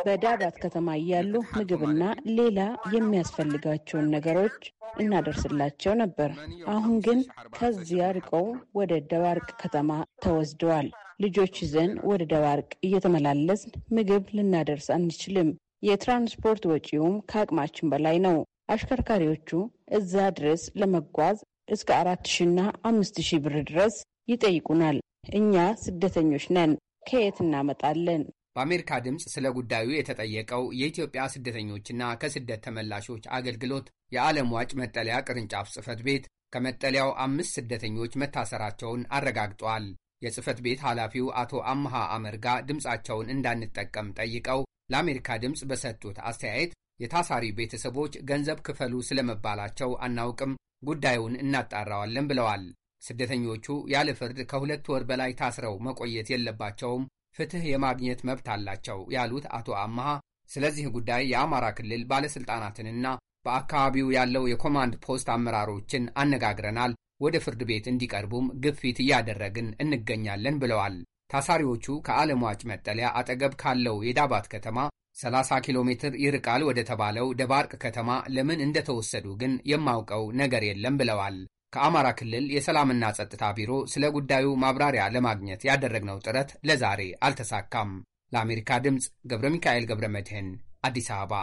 በዳባት ከተማ እያሉ ምግብና ሌላ የሚያስፈልጋቸውን ነገሮች እናደርስላቸው ነበር። አሁን ግን ከዚያ ርቀው ወደ ደባርቅ ከተማ ተወስደዋል። ልጆች ይዘን ወደ ደባርቅ እየተመላለስን ምግብ ልናደርስ አንችልም። የትራንስፖርት ወጪውም ከአቅማችን በላይ ነው። አሽከርካሪዎቹ እዛ ድረስ ለመጓዝ እስከ አራት ሺና አምስት ሺህ ብር ድረስ ይጠይቁናል። እኛ ስደተኞች ነን፣ ከየት እናመጣለን? በአሜሪካ ድምፅ ስለ ጉዳዩ የተጠየቀው የኢትዮጵያ ስደተኞችና ከስደት ተመላሾች አገልግሎት የዓለም ዋጭ መጠለያ ቅርንጫፍ ጽፈት ቤት ከመጠለያው አምስት ስደተኞች መታሰራቸውን አረጋግጧል። የጽህፈት ቤት ኃላፊው አቶ አምሃ አመርጋ ድምፃቸውን እንዳንጠቀም ጠይቀው ለአሜሪካ ድምፅ በሰጡት አስተያየት የታሳሪ ቤተሰቦች ገንዘብ ክፈሉ ስለመባላቸው አናውቅም፣ ጉዳዩን እናጣራዋለን ብለዋል። ስደተኞቹ ያለ ፍርድ ከሁለት ወር በላይ ታስረው መቆየት የለባቸውም፣ ፍትህ የማግኘት መብት አላቸው ያሉት አቶ አምሃ ስለዚህ ጉዳይ የአማራ ክልል ባለሥልጣናትንና በአካባቢው ያለው የኮማንድ ፖስት አመራሮችን አነጋግረናል ወደ ፍርድ ቤት እንዲቀርቡም ግፊት እያደረግን እንገኛለን ብለዋል። ታሳሪዎቹ ከዓለም ዋጭ መጠለያ አጠገብ ካለው የዳባት ከተማ 30 ኪሎ ሜትር ይርቃል ወደ ተባለው ደባርቅ ከተማ ለምን እንደተወሰዱ ግን የማውቀው ነገር የለም ብለዋል። ከአማራ ክልል የሰላምና ጸጥታ ቢሮ ስለ ጉዳዩ ማብራሪያ ለማግኘት ያደረግነው ጥረት ለዛሬ አልተሳካም። ለአሜሪካ ድምፅ ገብረ ሚካኤል ገብረ መድህን አዲስ አበባ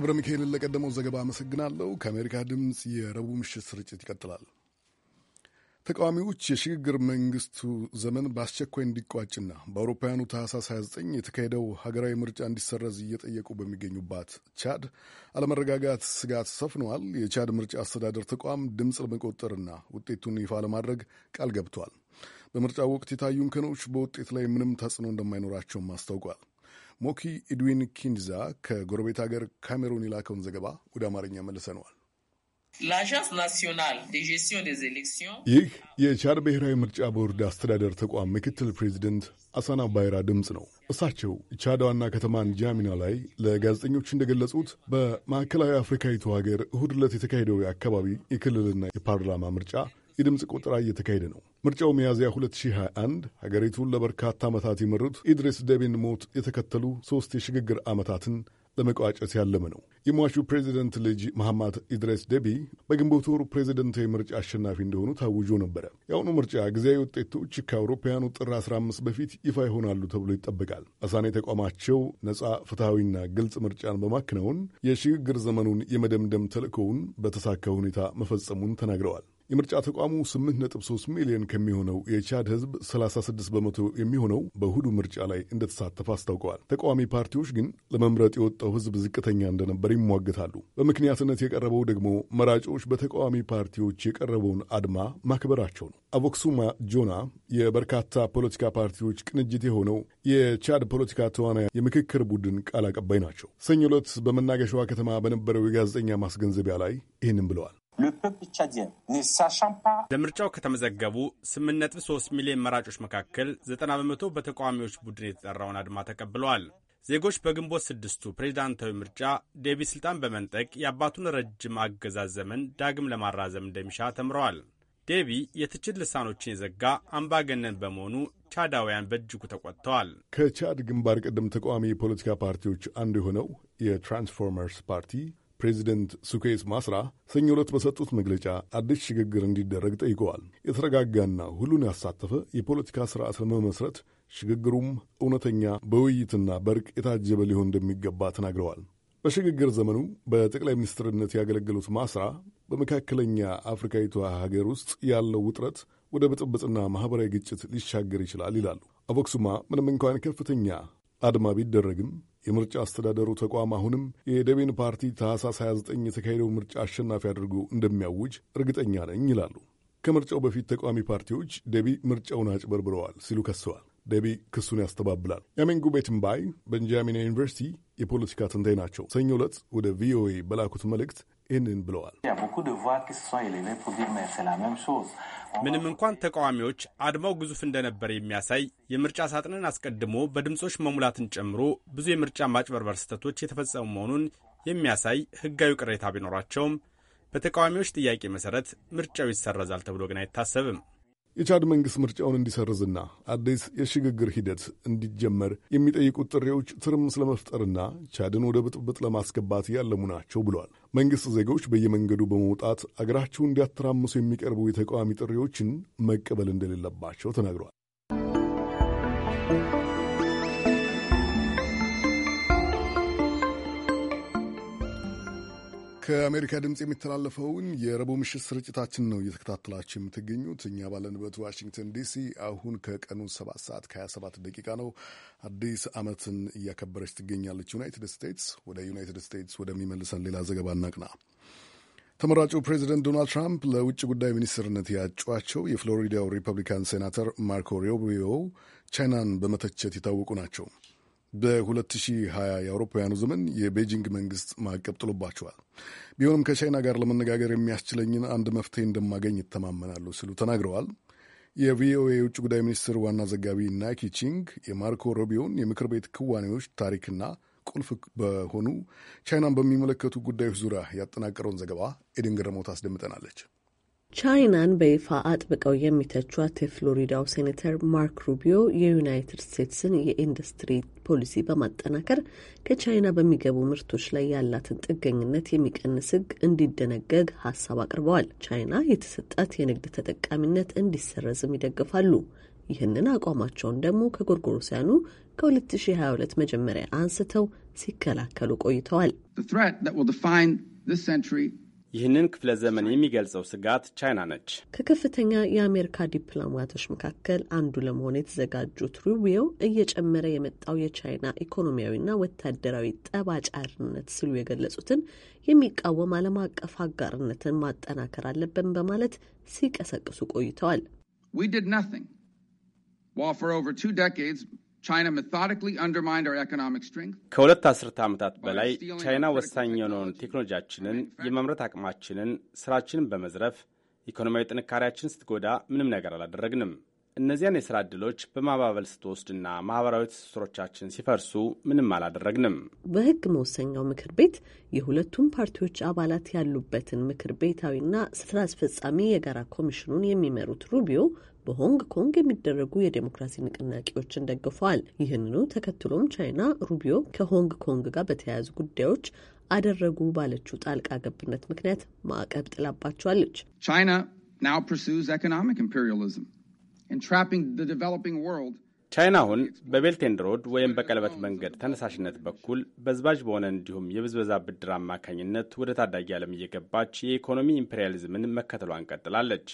ክብረ ሚካኤልን ለቀደመው ዘገባ አመሰግናለሁ። ከአሜሪካ ድምፅ የረቡዕ ምሽት ስርጭት ይቀጥላል። ተቃዋሚዎች የሽግግር መንግስቱ ዘመን በአስቸኳይ እንዲቋጭና በአውሮፓውያኑ ታህሳስ 29 የተካሄደው ሀገራዊ ምርጫ እንዲሰረዝ እየጠየቁ በሚገኙባት ቻድ አለመረጋጋት ስጋት ሰፍነዋል። የቻድ ምርጫ አስተዳደር ተቋም ድምፅ ለመቆጠርና ውጤቱን ይፋ ለማድረግ ቃል ገብቷል። በምርጫው ወቅት የታዩ እንከኖች በውጤት ላይ ምንም ተጽዕኖ እንደማይኖራቸውም አስታውቋል። ሞኪ ኢድዊን ኪንዛ ከጎረቤት ሀገር ካሜሩን የላከውን ዘገባ ወደ አማርኛ መልሰነዋል። ይህ የቻድ ብሔራዊ ምርጫ ቦርድ አስተዳደር ተቋም ምክትል ፕሬዚደንት አሳና ባይራ ድምፅ ነው። እሳቸው ቻድ ዋና ከተማ ንጃሚና ላይ ለጋዜጠኞች እንደገለጹት በማዕከላዊ አፍሪካዊቱ ሀገር እሁድ ዕለት የተካሄደው የአካባቢ የክልልና የፓርላማ ምርጫ የድምፅ ቆጠራ እየተካሄደ ነው። ምርጫው ሚያዝያ 2021 ሀገሪቱን ለበርካታ ዓመታት የመሩት ኢድሪስ ደቢን ሞት የተከተሉ ሦስት የሽግግር ዓመታትን ለመቋጨት ያለመ ነው። የሟቹ ፕሬዚደንት ልጅ መሐማት ኢድሬስ ደቢ በግንቦት ወር ፕሬዚደንታዊ ምርጫ አሸናፊ እንደሆኑ ታውጆ ነበረ። የአሁኑ ምርጫ ጊዜያዊ ውጤቶች ከአውሮፓውያኑ ጥር 15 በፊት ይፋ ይሆናሉ ተብሎ ይጠበቃል። አሳኔ ተቋማቸው ነፃ ፍትሐዊና ግልጽ ምርጫን በማከናወን የሽግግር ዘመኑን የመደምደም ተልእኮውን በተሳካ ሁኔታ መፈጸሙን ተናግረዋል። የምርጫ ተቋሙ 8.3 ሚሊዮን ከሚሆነው የቻድ ህዝብ 36 በመቶ የሚሆነው በእሁዱ ምርጫ ላይ እንደተሳተፈ አስታውቀዋል። ተቃዋሚ ፓርቲዎች ግን ለመምረጥ የወጣው ህዝብ ዝቅተኛ እንደነበር ይሟገታሉ። በምክንያትነት የቀረበው ደግሞ መራጮች በተቃዋሚ ፓርቲዎች የቀረበውን አድማ ማክበራቸው ነው። አቮክሱማ ጆና የበርካታ ፖለቲካ ፓርቲዎች ቅንጅት የሆነው የቻድ ፖለቲካ ተዋና የምክክር ቡድን ቃል አቀባይ ናቸው። ሰኞ ዕለት በመናገሻዋ ከተማ በነበረው የጋዜጠኛ ማስገንዘቢያ ላይ ይህንን ብለዋል። ለምርጫው ከተመዘገቡ 8.3 ሚሊዮን መራጮች መካከል 90 በመቶ በተቃዋሚዎች ቡድን የተጠራውን አድማ ተቀብለዋል። ዜጎች በግንቦት ስድስቱ ፕሬዚዳንታዊ ምርጫ ዴቢ ስልጣን በመንጠቅ የአባቱን ረጅም አገዛዝ ዘመን ዳግም ለማራዘም እንደሚሻ ተምረዋል። ዴቢ የትችት ልሳኖችን የዘጋ አምባገነን በመሆኑ ቻዳውያን በእጅጉ ተቆጥተዋል። ከቻድ ግንባር ቀደም ተቃዋሚ የፖለቲካ ፓርቲዎች አንዱ የሆነው የትራንስፎርመርስ ፓርቲ ፕሬዚደንት ሱኬስ ማስራ ሰኞ ዕለት በሰጡት መግለጫ አዲስ ሽግግር እንዲደረግ ጠይቀዋል። የተረጋጋና ሁሉን ያሳተፈ የፖለቲካ ስርዓት ለመመስረት ሽግግሩም እውነተኛ በውይይትና በእርቅ የታጀበ ሊሆን እንደሚገባ ተናግረዋል። በሽግግር ዘመኑ በጠቅላይ ሚኒስትርነት ያገለገሉት ማስራ በመካከለኛ አፍሪካዊቷ ሀገር ውስጥ ያለው ውጥረት ወደ ብጥብጥና ማኅበራዊ ግጭት ሊሻገር ይችላል ይላሉ። አቦክሱማ ምንም እንኳን ከፍተኛ አድማ ቢደረግም የምርጫ አስተዳደሩ ተቋም አሁንም የደቤን ፓርቲ ታህሳስ 29 የተካሄደው ምርጫ አሸናፊ አድርጎ እንደሚያውጅ እርግጠኛ ነኝ ይላሉ። ከምርጫው በፊት ተቃዋሚ ፓርቲዎች ደቢ ምርጫውን አጭበርብረዋል ሲሉ ከሰዋል። ደቢ ክሱን ያስተባብላል። ያሜንጉ ቤትምባይ በንጃሚና ዩኒቨርሲቲ የፖለቲካ ትንታኝ ናቸው። ሰኞ ዕለት ወደ ቪኦኤ በላኩት መልእክት ይህንን ብለዋል። ምንም እንኳን ተቃዋሚዎች አድማው ግዙፍ እንደነበር የሚያሳይ የምርጫ ሳጥንን አስቀድሞ በድምፆች መሙላትን ጨምሮ ብዙ የምርጫ ማጭበርበር ስህተቶች የተፈጸሙ መሆኑን የሚያሳይ ሕጋዊ ቅሬታ ቢኖራቸውም በተቃዋሚዎች ጥያቄ መሰረት ምርጫው ይሰረዛል ተብሎ ግን አይታሰብም። የቻድ መንግሥት ምርጫውን እንዲሰርዝና አዲስ የሽግግር ሂደት እንዲጀመር የሚጠይቁት ጥሪዎች ትርምስ ለመፍጠርና ቻድን ወደ ብጥብጥ ለማስገባት ያለሙ ናቸው ብለዋል። መንግሥት ዜጎች በየመንገዱ በመውጣት አገራቸውን እንዲያተራምሱ የሚቀርቡ የተቃዋሚ ጥሪዎችን መቀበል እንደሌለባቸው ተናግረዋል። ከአሜሪካ ድምፅ የሚተላለፈውን የረቡዕ ምሽት ስርጭታችን ነው እየተከታተላችሁ የምትገኙት። እኛ ባለንበት ዋሽንግተን ዲሲ አሁን ከቀኑ 7 ሰዓት ከ27 ደቂቃ ነው። አዲስ ዓመትን እያከበረች ትገኛለች ዩናይትድ ስቴትስ። ወደ ዩናይትድ ስቴትስ ወደሚመልሰን ሌላ ዘገባ እናቅና። ተመራጩ ፕሬዚደንት ዶናልድ ትራምፕ ለውጭ ጉዳይ ሚኒስትርነት ያጯቸው የፍሎሪዳው ሪፐብሊካን ሴናተር ማርኮ ሩቢዮ ቻይናን በመተቸት የታወቁ ናቸው። በ2020 የአውሮፓውያኑ ዘመን የቤጂንግ መንግስት ማዕቀብ ጥሎባቸዋል። ቢሆንም ከቻይና ጋር ለመነጋገር የሚያስችለኝን አንድ መፍትሄ እንደማገኝ ይተማመናሉ ሲሉ ተናግረዋል። የቪኦኤ የውጭ ጉዳይ ሚኒስትር ዋና ዘጋቢ ናይኪ ቺንግ የማርኮ ሮቢዮን የምክር ቤት ክዋኔዎች ታሪክና ቁልፍ በሆኑ ቻይናን በሚመለከቱ ጉዳዮች ዙሪያ ያጠናቀረውን ዘገባ ኤደን ገረመው ታስደምጠናለች። ቻይናን በይፋ አጥብቀው የሚተቿት የፍሎሪዳው ሴኔተር ማርክ ሩቢዮ የዩናይትድ ስቴትስን የኢንዱስትሪ ፖሊሲ በማጠናከር ከቻይና በሚገቡ ምርቶች ላይ ያላትን ጥገኝነት የሚቀንስ ሕግ እንዲደነገግ ሀሳብ አቅርበዋል። ቻይና የተሰጣት የንግድ ተጠቃሚነት እንዲሰረዝም ይደግፋሉ። ይህንን አቋማቸውን ደግሞ ከጎርጎሮሲያኑ ከ2022 መጀመሪያ አንስተው ሲከላከሉ ቆይተዋል። ይህንን ክፍለ ዘመን የሚገልጸው ስጋት ቻይና ነች። ከከፍተኛ የአሜሪካ ዲፕሎማቶች መካከል አንዱ ለመሆን የተዘጋጁት ሩቢዮ እየጨመረ የመጣው የቻይና ኢኮኖሚያዊና ወታደራዊ ጠባጫሪነት ሲሉ የገለጹትን የሚቃወም ዓለም አቀፍ አጋርነትን ማጠናከር አለብን በማለት ሲቀሰቅሱ ቆይተዋል። ከሁለት አስርተ ዓመታት በላይ ቻይና ወሳኝ የሆነውን ቴክኖሎጂያችንን፣ የመምረት አቅማችንን፣ ስራችንን በመዝረፍ ኢኮኖሚያዊ ጥንካሬያችን ስትጎዳ ምንም ነገር አላደረግንም። እነዚያን የሥራ ዕድሎች በማባበል ስትወስድና ማኅበራዊ ትስስሮቻችን ሲፈርሱ ምንም አላደረግንም። በሕግ መወሰኛው ምክር ቤት የሁለቱም ፓርቲዎች አባላት ያሉበትን ምክር ቤታዊና ስራ አስፈጻሚ የጋራ ኮሚሽኑን የሚመሩት ሩቢዮ በሆንግ ኮንግ የሚደረጉ የዴሞክራሲ ንቅናቄዎችን ደግፈዋል። ይህንኑ ተከትሎም ቻይና ሩቢዮ ከሆንግ ኮንግ ጋር በተያያዙ ጉዳዮች አደረጉ ባለችው ጣልቃ ገብነት ምክንያት ማዕቀብ ጥላባቸዋለች። ቻይና ቻይና አሁን በቤልት ኤንድ ሮድ ወይም በቀለበት መንገድ ተነሳሽነት በኩል በዝባዥ በሆነ እንዲሁም የብዝበዛ ብድር አማካኝነት ወደ ታዳጊ ዓለም እየገባች የኢኮኖሚ ኢምፔሪያሊዝምን መከተሏን ቀጥላለች።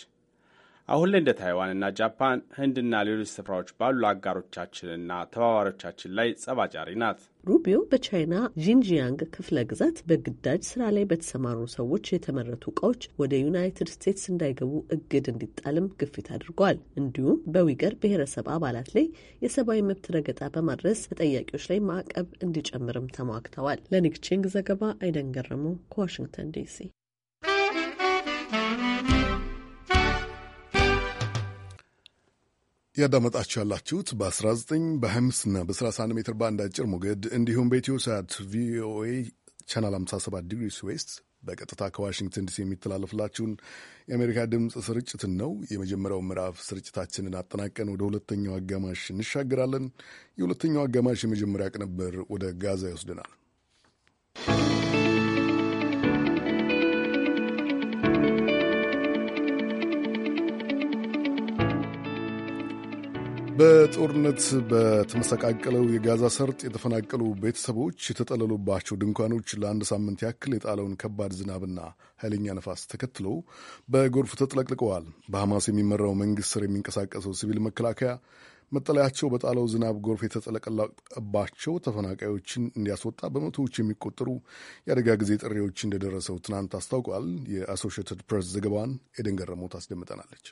አሁን ላይ እንደ ታይዋንና ጃፓን፣ ህንድና ሌሎች ስፍራዎች ባሉ አጋሮቻችንና ተባባሪዎቻችን ላይ ጸባጫሪ ናት። ሩቢዮ በቻይና ጂንጂያንግ ክፍለ ግዛት በግዳጅ ስራ ላይ በተሰማሩ ሰዎች የተመረቱ እቃዎች ወደ ዩናይትድ ስቴትስ እንዳይገቡ እግድ እንዲጣልም ግፊት አድርጓል። እንዲሁም በዊገር ብሔረሰብ አባላት ላይ የሰብአዊ መብት ረገጣ በማድረስ ተጠያቂዎች ላይ ማዕቀብ እንዲጨምርም ተሟግተዋል። ለኒክቺንግ ዘገባ አይደን ገረመው ከዋሽንግተን ዲሲ ያዳመጣችሁ ያላችሁት በ19 25 እና በ31 ሜትር ባንድ አጭር ሞገድ እንዲሁም በኢትዮ ሳት ቪኦኤ ቻናል 57 ዲግሪስ ዌስት በቀጥታ ከዋሽንግተን ዲሲ የሚተላለፍላችሁን የአሜሪካ ድምፅ ስርጭትን ነው። የመጀመሪያው ምዕራፍ ስርጭታችንን አጠናቀን ወደ ሁለተኛው አጋማሽ እንሻገራለን። የሁለተኛው አጋማሽ የመጀመሪያ ቅንብር ወደ ጋዛ ይወስደናል። በጦርነት በተመሰቃቀለው የጋዛ ሰርጥ የተፈናቀሉ ቤተሰቦች የተጠለሉባቸው ድንኳኖች ለአንድ ሳምንት ያክል የጣለውን ከባድ ዝናብና ኃይለኛ ነፋስ ተከትሎ በጎርፍ ተጥለቅልቀዋል። በሐማስ የሚመራው መንግሥት ስር የሚንቀሳቀሰው ሲቪል መከላከያ መጠለያቸው በጣለው ዝናብ ጎርፍ የተጠለቀላባቸው ተፈናቃዮችን እንዲያስወጣ በመቶዎች የሚቆጠሩ የአደጋ ጊዜ ጥሪዎች እንደደረሰው ትናንት አስታውቋል። የአሶሽትድ ፕሬስ ዘገባን ኤደን ገረመው ታስደምጠናለች።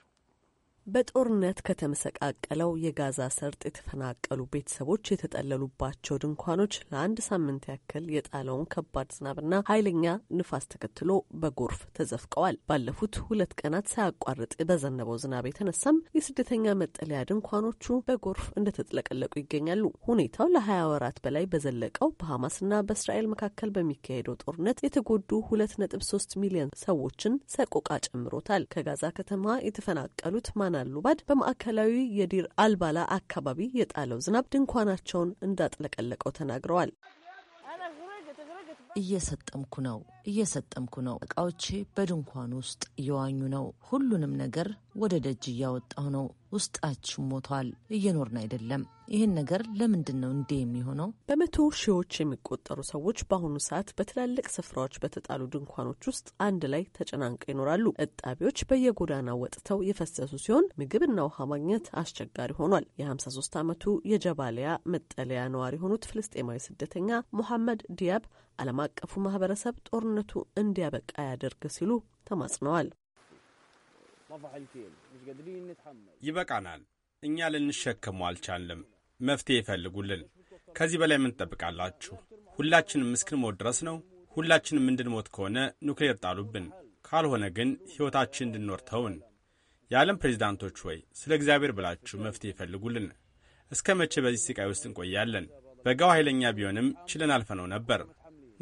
በጦርነት ከተመሰቃቀለው የጋዛ ሰርጥ የተፈናቀሉ ቤተሰቦች የተጠለሉባቸው ድንኳኖች ለአንድ ሳምንት ያክል የጣለውን ከባድ ዝናብና ኃይለኛ ንፋስ ተከትሎ በጎርፍ ተዘፍቀዋል። ባለፉት ሁለት ቀናት ሳያቋርጥ በዘነበው ዝናብ የተነሳም የስደተኛ መጠለያ ድንኳኖቹ በጎርፍ እንደተጥለቀለቁ ይገኛሉ። ሁኔታው ለሀያ ወራት በላይ በዘለቀው በሐማስና በእስራኤል መካከል በሚካሄደው ጦርነት የተጎዱ ሁለት ነጥብ ሶስት ሚሊዮን ሰዎችን ሰቆቃ ጨምሮታል። ከጋዛ ከተማ የተፈናቀሉት ማ ሱልጣን አሉባድ በማዕከላዊ የዲር አልባላ አካባቢ የጣለው ዝናብ ድንኳናቸውን እንዳጥለቀለቀው ተናግረዋል። እየሰጠምኩ ነው፣ እየሰጠምኩ ነው። እቃዎቼ በድንኳን ውስጥ እየዋኙ ነው። ሁሉንም ነገር ወደ ደጅ እያወጣው ነው። ውስጣችሁ ሞቷል፣ እየኖርን አይደለም። ይህን ነገር ለምንድን ነው እንዲህ የሚሆነው? በመቶ ሺዎች የሚቆጠሩ ሰዎች በአሁኑ ሰዓት በትላልቅ ስፍራዎች በተጣሉ ድንኳኖች ውስጥ አንድ ላይ ተጨናንቀው ይኖራሉ። እጣቢዎች በየጎዳናው ወጥተው የፈሰሱ ሲሆን ምግብና ውሃ ማግኘት አስቸጋሪ ሆኗል። የ53 ዓመቱ የጀባሊያ መጠለያ ነዋሪ የሆኑት ፍልስጤማዊ ስደተኛ ሞሐመድ ዲያብ ዓለም አቀፉ ማህበረሰብ ጦርነቱ እንዲያበቃ ያደርግ ሲሉ ተማጽነዋል። ይበቃናል። እኛ ልንሸከሙ አልቻልም። መፍትሄ ይፈልጉልን። ከዚህ በላይ ምን ትጠብቃላችሁ? ሁላችንም እስክንሞት ድረስ ነው። ሁላችንም እንድንሞት ከሆነ ኑክሌር ጣሉብን፣ ካልሆነ ግን ሕይወታችን እንድንኖር ተውን። የዓለም ፕሬዚዳንቶች ሆይ ስለ እግዚአብሔር ብላችሁ መፍትሄ ይፈልጉልን። እስከ መቼ በዚህ ስቃይ ውስጥ እንቆያለን? በጋው ኃይለኛ ቢሆንም ችለን አልፈነው ነበር።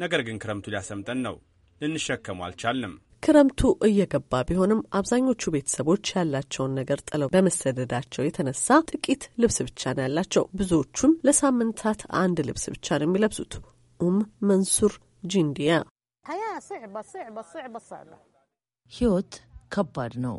ነገር ግን ክረምቱ ሊያሰምጠን ነው። ልንሸከሙ አልቻልንም። ክረምቱ እየገባ ቢሆንም አብዛኞቹ ቤተሰቦች ያላቸውን ነገር ጥለው በመሰደዳቸው የተነሳ ጥቂት ልብስ ብቻ ነው ያላቸው። ብዙዎቹም ለሳምንታት አንድ ልብስ ብቻ ነው የሚለብሱት። ኡም መንሱር ጂንዲያ ህይወት ከባድ ነው፣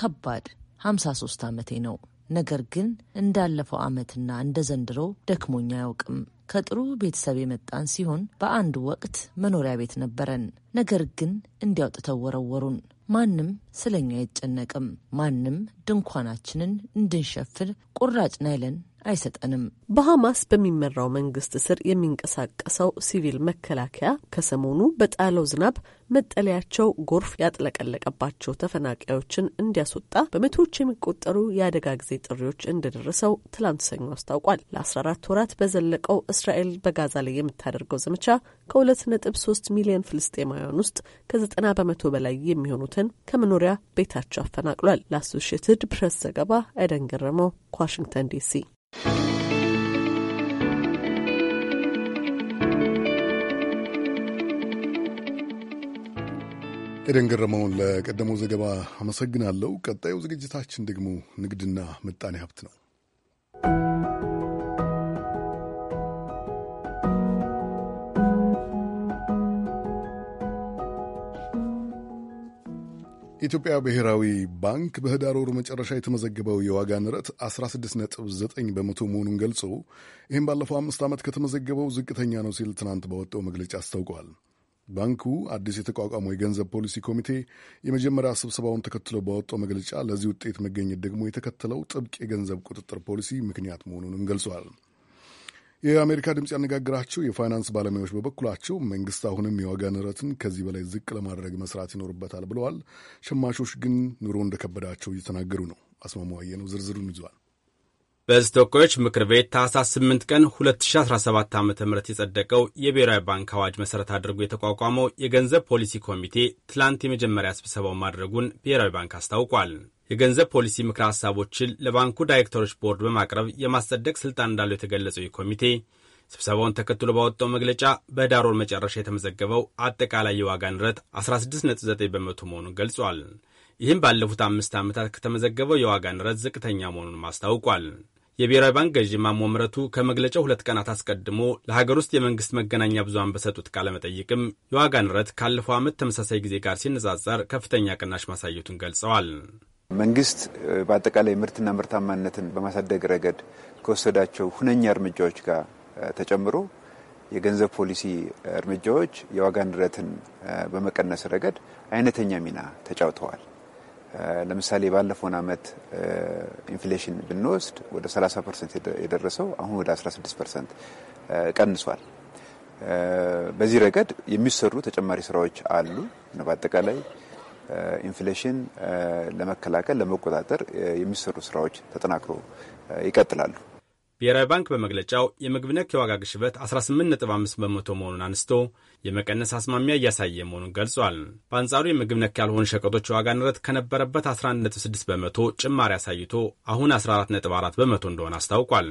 ከባድ። 53 ዓመቴ ነው። ነገር ግን እንዳለፈው ዓመትና እንደ ዘንድሮ ደክሞኛ አያውቅም። ከጥሩ ቤተሰብ የመጣን ሲሆን በአንድ ወቅት መኖሪያ ቤት ነበረን። ነገር ግን እንዲያውጥተው ወረወሩን። ማንም ስለኛ አይጨነቅም። ማንም ድንኳናችንን እንድንሸፍን ቁራጭ ናይለን አይሰጠንም። በሐማስ በሚመራው መንግስት ስር የሚንቀሳቀሰው ሲቪል መከላከያ ከሰሞኑ በጣለው ዝናብ መጠለያቸው ጎርፍ ያጥለቀለቀባቸው ተፈናቃዮችን እንዲያስወጣ በመቶዎች የሚቆጠሩ የአደጋ ጊዜ ጥሪዎች እንደደረሰው ትላንት ሰኞ አስታውቋል። ለ14 ወራት በዘለቀው እስራኤል በጋዛ ላይ የምታደርገው ዘመቻ ከ2.3 ሚሊዮን ፍልስጤማውያን ውስጥ ከ90 በመቶ በላይ የሚሆኑትን ከመኖሪያ ቤታቸው አፈናቅሏል። ለአሶሽትድ ፕሬስ ዘገባ አይደን ገረመው ከዋሽንግተን ዲሲ ኤደን ገረመውን ለቀደመው ዘገባ አመሰግናለሁ። ቀጣዩ ዝግጅታችን ደግሞ ንግድና ምጣኔ ሀብት ነው። የኢትዮጵያ ብሔራዊ ባንክ በህዳር ወር መጨረሻ የተመዘገበው የዋጋ ንረት 16.9 በመቶ መሆኑን ገልጾ ይህም ባለፈው አምስት ዓመት ከተመዘገበው ዝቅተኛ ነው ሲል ትናንት ባወጣው መግለጫ አስታውቋል። ባንኩ አዲስ የተቋቋመው የገንዘብ ፖሊሲ ኮሚቴ የመጀመሪያ ስብሰባውን ተከትሎ ባወጣው መግለጫ ለዚህ ውጤት መገኘት ደግሞ የተከተለው ጥብቅ የገንዘብ ቁጥጥር ፖሊሲ ምክንያት መሆኑንም ገልጿል። የአሜሪካ ድምፅ ያነጋግራቸው የፋይናንስ ባለሙያዎች በበኩላቸው መንግስት አሁንም የዋጋ ንረትን ከዚህ በላይ ዝቅ ለማድረግ መስራት ይኖርበታል ብለዋል። ሸማቾች ግን ኑሮ እንደከበዳቸው እየተናገሩ ነው። አስማማዋዬ ነው ዝርዝሩን ይዟል። በተወካዮች ምክር ቤት ታህሳስ 8 ቀን 2017 ዓ ም የጸደቀው የብሔራዊ ባንክ አዋጅ መሠረት አድርጎ የተቋቋመው የገንዘብ ፖሊሲ ኮሚቴ ትላንት የመጀመሪያ ስብሰባው ማድረጉን ብሔራዊ ባንክ አስታውቋል። የገንዘብ ፖሊሲ ምክረ ሀሳቦችን ለባንኩ ዳይሬክተሮች ቦርድ በማቅረብ የማጸደቅ ስልጣን እንዳለው የተገለጸው ይህ ኮሚቴ ስብሰባውን ተከትሎ ባወጣው መግለጫ በህዳር ወር መጨረሻ የተመዘገበው አጠቃላይ የዋጋ ንረት 16.9 በመቶ መሆኑን ገልጿል። ይህም ባለፉት አምስት ዓመታት ከተመዘገበው የዋጋ ንረት ዝቅተኛ መሆኑን አስታውቋል። የብሔራዊ ባንክ ገዢ ማሞ ከመግለጫው ሁለት ቀናት አስቀድሞ ለሀገር ውስጥ የመንግስት መገናኛ ብዙሃን በሰጡት ቃለ መጠይቅም የዋጋ ንረት ካለፈው ዓመት ተመሳሳይ ጊዜ ጋር ሲነጻጸር ከፍተኛ ቅናሽ ማሳየቱን ገልጸዋል። መንግስት በአጠቃላይ ምርትና ምርታማነትን በማሳደግ ረገድ ከወሰዳቸው ሁነኛ እርምጃዎች ጋር ተጨምሮ የገንዘብ ፖሊሲ እርምጃዎች የዋጋ ንረትን በመቀነስ ረገድ አይነተኛ ሚና ተጫውተዋል። ለምሳሌ ባለፈውን ዓመት ኢንፍሌሽን ብንወስድ ወደ 30 ፐርሰንት የደረሰው አሁን ወደ 16 ፐርሰንት ቀንሷል። በዚህ ረገድ የሚሰሩ ተጨማሪ ስራዎች አሉ። በአጠቃላይ ኢንፍሌሽን ለመከላከል ለመቆጣጠር የሚሰሩ ስራዎች ተጠናክሮ ይቀጥላሉ። ብሔራዊ ባንክ በመግለጫው የምግብ ነክ የዋጋ ግሽበት 18.5 በመቶ መሆኑን አንስቶ የመቀነስ አስማሚያ እያሳየ መሆኑን ገልጿል። በአንጻሩ የምግብ ነክ ያልሆኑ ሸቀጦች የዋጋ ንረት ከነበረበት 11.6 በመቶ ጭማሪ አሳይቶ አሁን 14.4 በመቶ እንደሆነ አስታውቋል።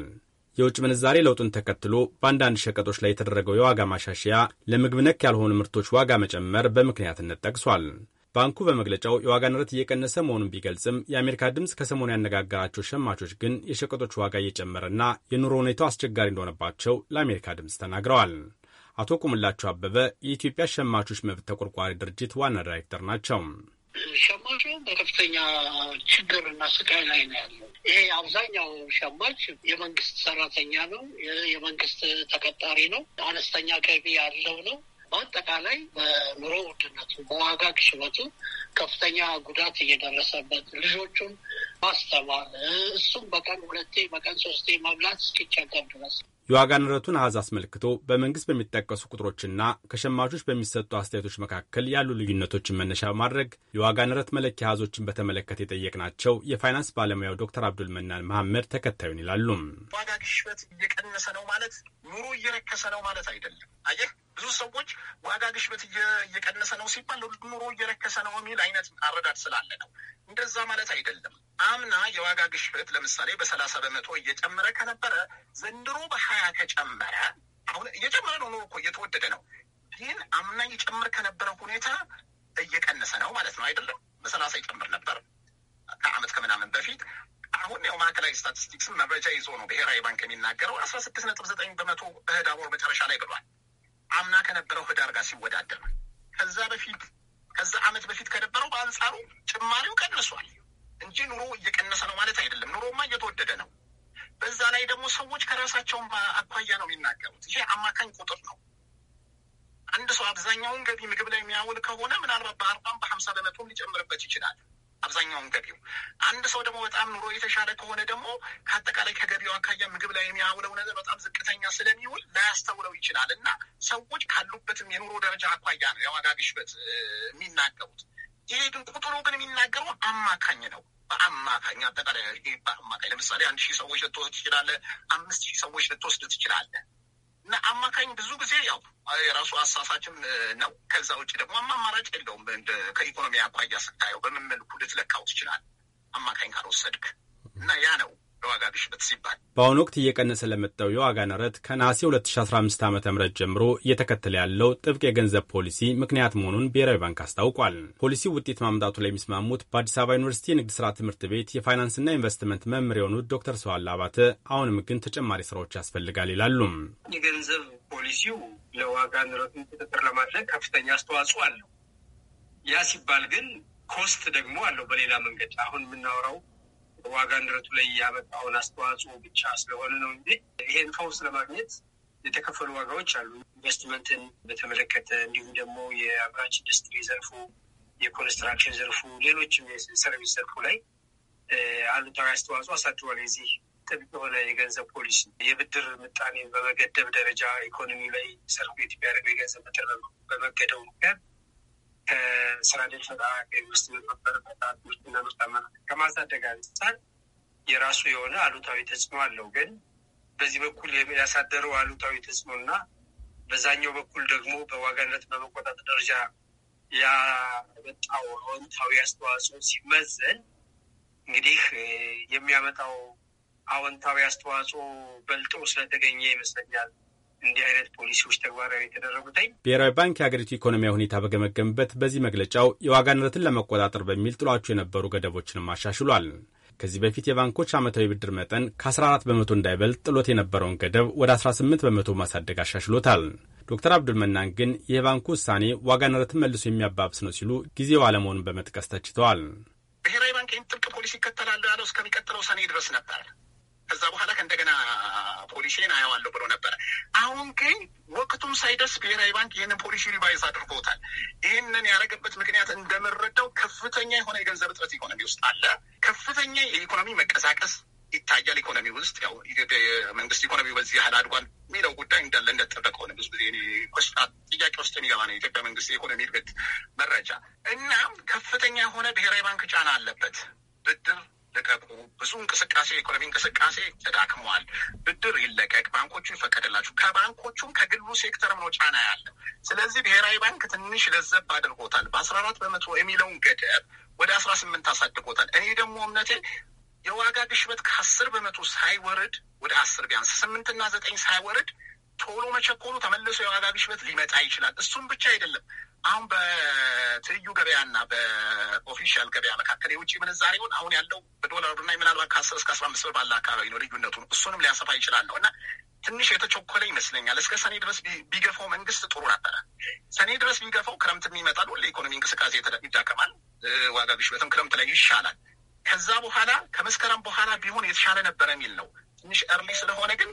የውጭ ምንዛሬ ለውጡን ተከትሎ በአንዳንድ ሸቀጦች ላይ የተደረገው የዋጋ ማሻሻያ ለምግብ ነክ ያልሆኑ ምርቶች ዋጋ መጨመር በምክንያትነት ጠቅሷል። ባንኩ በመግለጫው የዋጋ ንረት እየቀነሰ መሆኑን ቢገልጽም የአሜሪካ ድምፅ ከሰሞኑ ያነጋገራቸው ሸማቾች ግን የሸቀጦች ዋጋ እየጨመረና የኑሮ ሁኔታው አስቸጋሪ እንደሆነባቸው ለአሜሪካ ድምፅ ተናግረዋል። አቶ ቁምላቸው አበበ የኢትዮጵያ ሸማቾች መብት ተቆርቋሪ ድርጅት ዋና ዳይሬክተር ናቸው። ሸማቹ በከፍተኛ ችግር እና ስቃይ ላይ ነው ያለው። ይሄ አብዛኛው ሸማች የመንግስት ሰራተኛ ነው፣ የመንግስት ተቀጣሪ ነው፣ አነስተኛ ገቢ ያለው ነው። በአጠቃላይ በኑሮ ውድነቱ በዋጋ ግሽበቱ ከፍተኛ ጉዳት እየደረሰበት ልጆቹን ማስተማር እሱም በቀን ሁለቴ በቀን ሶስቴ መብላት እስኪቸገር ድረስ የዋጋ ንረቱን አሃዝ አስመልክቶ በመንግስት በሚጠቀሱ ቁጥሮችና ከሸማቾች በሚሰጡ አስተያየቶች መካከል ያሉ ልዩነቶችን መነሻ በማድረግ የዋጋ ንረት መለኪያ አሃዞችን በተመለከተ የጠየቅናቸው የፋይናንስ ባለሙያው ዶክተር አብዱል መናን መሐመድ ተከታዩን ይላሉ። ዋጋ ግሽበት እየቀነሰ ነው ማለት ኑሮ እየረከሰ ነው ማለት አይደለም። አየህ ብዙ ሰዎች ዋጋ ግሽበት እየቀነሰ ነው ሲባል ኑሮ እየረከሰ ነው የሚል አይነት አረዳድ ስላለ ነው። እንደዛ ማለት አይደለም። አምና የዋጋ ግሽበት ለምሳሌ በሰላሳ በመቶ እየጨመረ ከነበረ ዘንድሮ በሀ ከጨመረ አሁን እየጨመረ ነው። ኑሮ እኮ እየተወደደ ነው። ግን አምና እየጨምር ከነበረ ሁኔታ እየቀነሰ ነው ማለት ነው አይደለም። በሰላሳ ይጨምር ነበር ከአመት ከምናምን በፊት። አሁን ያው ማዕከላዊ ስታቲስቲክስ መረጃ ይዞ ነው ብሔራዊ ባንክ የሚናገረው አስራ ስድስት ነጥብ ዘጠኝ በመቶ በህዳር ወር መጨረሻ ላይ ብሏል። አምና ከነበረው ህዳር ጋር ሲወዳደር ከዛ በፊት ከዛ አመት በፊት ከነበረው በአንጻሩ ጭማሪው ቀንሷል እንጂ ኑሮ እየቀነሰ ነው ማለት አይደለም። ኑሮማ እየተወደደ ነው። በዛ ላይ ደግሞ ሰዎች ከራሳቸውም አኳያ ነው የሚናገሩት። ይሄ አማካኝ ቁጥር ነው። አንድ ሰው አብዛኛውን ገቢ ምግብ ላይ የሚያውል ከሆነ ምናልባት በአርባም በሀምሳ በመቶም ሊጨምርበት ይችላል። አብዛኛውን ገቢው አንድ ሰው ደግሞ በጣም ኑሮ የተሻለ ከሆነ ደግሞ ከአጠቃላይ ከገቢው አካያ ምግብ ላይ የሚያውለው ነገር በጣም ዝቅተኛ ስለሚውል ላያስተውለው ይችላል እና ሰዎች ካሉበትም የኑሮ ደረጃ አኳያ ነው የዋጋ ግሽበት የሚናገሩት። ይሄ ግን ቁጥሩ ግን የሚናገረው አማካኝ ነው። በአማካኝ አጠቃላይ በአማካኝ ለምሳሌ አንድ ሺህ ሰዎች ልትወስድ ትችላለህ። አምስት ሺህ ሰዎች ልትወስድ ትችላለህ። እና አማካኝ ብዙ ጊዜ ያው የራሱ አሳሳችም ነው። ከዛ ውጭ ደግሞ አማማራጭ የለውም። ከኢኮኖሚ አኳያ ስታየው በምን መልኩ ልትለካው ትችላለህ አማካኝ ካልወሰድክ እና ያ ነው በዋጋ ግሽበት ሲባል በአሁኑ ወቅት እየቀነሰ ለመጣው የዋጋ ንረት ከነሐሴ 2015 ዓ ም ጀምሮ እየተከተለ ያለው ጥብቅ የገንዘብ ፖሊሲ ምክንያት መሆኑን ብሔራዊ ባንክ አስታውቋል። ፖሊሲው ውጤት ማምጣቱ ላይ የሚስማሙት በአዲስ አበባ ዩኒቨርሲቲ የንግድ ሥራ ትምህርት ቤት የፋይናንስና ኢንቨስትመንት መምህር የሆኑት ዶክተር ሰዋላ አባተ አሁንም ግን ተጨማሪ ስራዎች ያስፈልጋል ይላሉ። የገንዘብ ፖሊሲው ለዋጋ ንረቱን ቁጥጥር ለማድረግ ከፍተኛ አስተዋጽኦ አለው። ያ ሲባል ግን ኮስት ደግሞ አለው። በሌላ መንገድ አሁን የምናወራው ዋጋ ንረቱ ላይ ያመጣውን አስተዋጽኦ ብቻ ስለሆነ ነው እንጂ ይሄን ፈውስ ለማግኘት የተከፈሉ ዋጋዎች አሉ። ኢንቨስትመንትን በተመለከተ እንዲሁም ደግሞ የአምራች ኢንዱስትሪ ዘርፉ፣ የኮንስትራክሽን ዘርፉ፣ ሌሎችም የሰርቪስ ዘርፉ ላይ አሉታዊ አስተዋጽኦ አሳድሯል። የዚህ ጥብቅ የሆነ የገንዘብ ፖሊሲ የብድር ምጣኔ በመገደብ ደረጃ ኢኮኖሚ ላይ ሰርኩሌት ቢያደርገው የገንዘብ መጠን በመገደቡ ምክንያት ከስራ ዕድል ፈጠራ ከኢንቨስትመንት መበረታታት ምርትና ምርታማነት ከማሳደግ አንጻር የራሱ የሆነ አሉታዊ ተጽዕኖ አለው። ግን በዚህ በኩል ያሳደረው አሉታዊ ተጽዕኖ እና በዛኛው በኩል ደግሞ በዋጋ ንረት በመቆጣጠር ደረጃ ያመጣው አዎንታዊ አስተዋጽኦ ሲመዘን እንግዲህ የሚያመጣው አዎንታዊ አስተዋጽኦ በልጦ ስለተገኘ ይመስለኛል እንዲህ አይነት ፖሊሲዎች ተግባራዊ የተደረጉትኝ ብሔራዊ ባንክ የሀገሪቱ ኢኮኖሚያ ሁኔታ በገመገምበት በዚህ መግለጫው የዋጋ ንረትን ለመቆጣጠር በሚል ጥሏቸው የነበሩ ገደቦችንም አሻሽሏል። ከዚህ በፊት የባንኮች ዓመታዊ ብድር መጠን ከ14 በመቶ እንዳይበልጥ ጥሎት የነበረውን ገደብ ወደ 18 በመቶ ማሳደግ አሻሽሎታል። ዶክተር አብዱል መናን ግን የባንኩ ውሳኔ ዋጋ ንረትን መልሶ የሚያባብስ ነው ሲሉ ጊዜው አለመሆኑን በመጥቀስ ተችተዋል። ብሔራዊ ባንክ ይህን ጥብቅ ፖሊሲ ይከተላለ ያለው እስከሚቀጥለው ሰኔ ድረስ ነበር። ከዛ በኋላ ከእንደገና ፖሊሲን አየዋለሁ ብሎ ነበረ። አሁን ግን ወቅቱም ሳይደርስ ብሔራዊ ባንክ ይህንን ፖሊሲ ሪቫይዝ አድርጎታል። ይህንን ያደረገበት ምክንያት እንደምረዳው ከፍተኛ የሆነ የገንዘብ እጥረት ኢኮኖሚ ውስጥ አለ። ከፍተኛ የኢኮኖሚ መቀሳቀስ ይታያል። ኢኮኖሚ ውስጥ ያው ኢትዮጵያ የመንግስት ኢኮኖሚ በዚህ ያህል አድጓል የሚለው ጉዳይ እንዳለ እንደጠበቀ ብዙ ጊዜ ጥያቄ ውስጥ የሚገባ ነው የኢትዮጵያ መንግስት የኢኮኖሚ እድገት መረጃ። እናም ከፍተኛ የሆነ ብሔራዊ ባንክ ጫና አለበት ብድር ደቀቁ፣ ብዙ እንቅስቃሴ የኢኮኖሚ እንቅስቃሴ ተዳክመዋል፣ ብድር ይለቀቅ፣ ባንኮቹ ይፈቀድላችሁ። ከባንኮቹም ከግሉ ሴክተርም ነው ጫና ያለ። ስለዚህ ብሔራዊ ባንክ ትንሽ ለዘብ አድርጎታል። በአስራ አራት በመቶ የሚለውን ገደብ ወደ አስራ ስምንት አሳድጎታል። እኔ ደግሞ እምነቴ የዋጋ ግሽበት ከአስር በመቶ ሳይወርድ ወደ አስር ቢያንስ ስምንትና ዘጠኝ ሳይወርድ ቶሎ መቸኮሉ ተመልሶ የዋጋ ግሽበት ሊመጣ ይችላል። እሱም ብቻ አይደለም አሁን በትይዩ ገበያና በኦፊሻል ገበያ መካከል የውጭ ምንዛሬውን አሁን ያለው በዶላሩ ብና ምናልባት ከአስር እስከ አስራ አምስት ብር ባለ አካባቢ ነው ልዩነቱ እሱንም ሊያሰፋ ይችላል ነው እና ትንሽ የተቸኮለ ይመስለኛል። እስከ ሰኔ ድረስ ቢገፋው መንግስት ጥሩ ነበረ። ሰኔ ድረስ ቢገፋው ክረምት የሚመጣል ሁሌ ኢኮኖሚ እንቅስቃሴ ይዳከማል። ዋጋ ግሽበትም ክረምት ላይ ይሻላል። ከዛ በኋላ ከመስከረም በኋላ ቢሆን የተሻለ ነበረ የሚል ነው ትንሽ እርሊ ስለሆነ ግን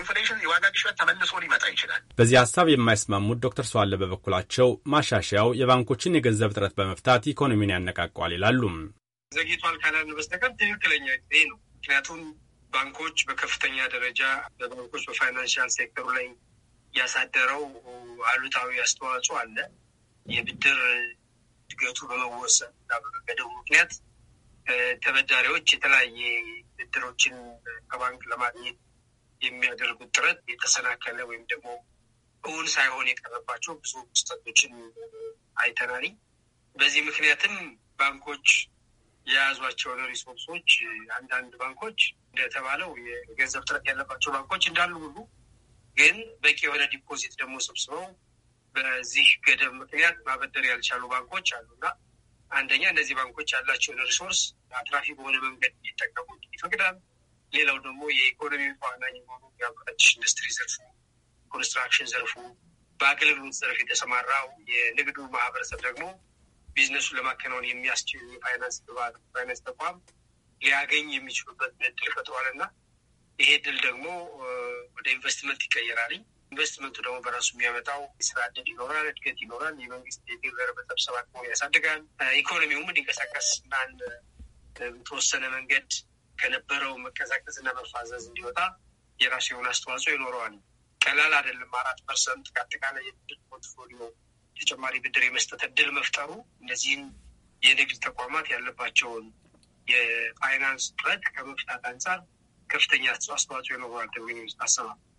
ኢንፍሌሽን የዋጋ ግሽበት ተመልሶ ሊመጣ ይችላል። በዚህ ሀሳብ የማይስማሙት ዶክተር ሰዋለ በበኩላቸው ማሻሻያው የባንኮችን የገንዘብ እጥረት በመፍታት ኢኮኖሚን ያነቃቋል ይላሉም። ዘግይቷል ካላልን በስተቀር ትክክለኛ ጊዜ ነው። ምክንያቱም ባንኮች በከፍተኛ ደረጃ በባንኮች በፋይናንሽል ሴክተሩ ላይ ያሳደረው አሉታዊ አስተዋጽኦ አለ። የብድር እድገቱ በመወሰን እና በመገደቡ ምክንያት ተበዳሪዎች የተለያየ ብድሮችን ከባንክ ለማግኘት የሚያደርጉት ጥረት የተሰናከለ ወይም ደግሞ እውን ሳይሆን የቀረባቸው ብዙ ክስተቶችን አይተናል። በዚህ ምክንያትም ባንኮች የያዟቸውን ሪሶርሶች አንዳንድ ባንኮች እንደተባለው የገንዘብ ጥረት ያለባቸው ባንኮች እንዳሉ ሁሉ ግን በቂ የሆነ ዲፖዚት ደግሞ ሰብስበው በዚህ ገደብ ምክንያት ማበደር ያልቻሉ ባንኮች አሉና አንደኛ እነዚህ ባንኮች ያላቸውን ሪሶርስ አትራፊ በሆነ መንገድ እንዲጠቀሙ ይፈቅዳል። ሌላው ደግሞ የኢኮኖሚ ተዋናኝ የሆኑ የአምራች ኢንዱስትሪ ዘርፉ፣ ኮንስትራክሽን ዘርፉ፣ በአገልግሎት ዘርፍ የተሰማራው የንግዱ ማህበረሰብ ደግሞ ቢዝነሱን ለማከናወን የሚያስችሉ የፋይናንስ ግባት ፋይናንስ ተቋም ሊያገኝ የሚችሉበት እድል ፈጥሯል እና ይሄ ድል ደግሞ ወደ ኢንቨስትመንት ይቀየራልኝ ኢንቨስትመንቱ ደግሞ በራሱ የሚያመጣው የስራ እድል ይኖራል፣ እድገት ይኖራል፣ የመንግስት የገበር በተሰባ ያሳድጋል፣ ኢኮኖሚውም እንዲንቀሳቀስ እና በተወሰነ መንገድ ከነበረው መቀዛቀዝ እና መፋዘዝ እንዲወጣ የራሱ የሆነ አስተዋጽኦ ይኖረዋል። ቀላል አይደለም። አራት ፐርሰንት ከአጠቃላይ የብድር ፖርትፎሊዮ ተጨማሪ ብድር የመስጠት እድል መፍጠሩ እነዚህም የንግድ ተቋማት ያለባቸውን የፋይናንስ ጥረት ከመፍታት አንጻር ከፍተኛ አስተዋጽኦ ይኖረዋል ተብሎ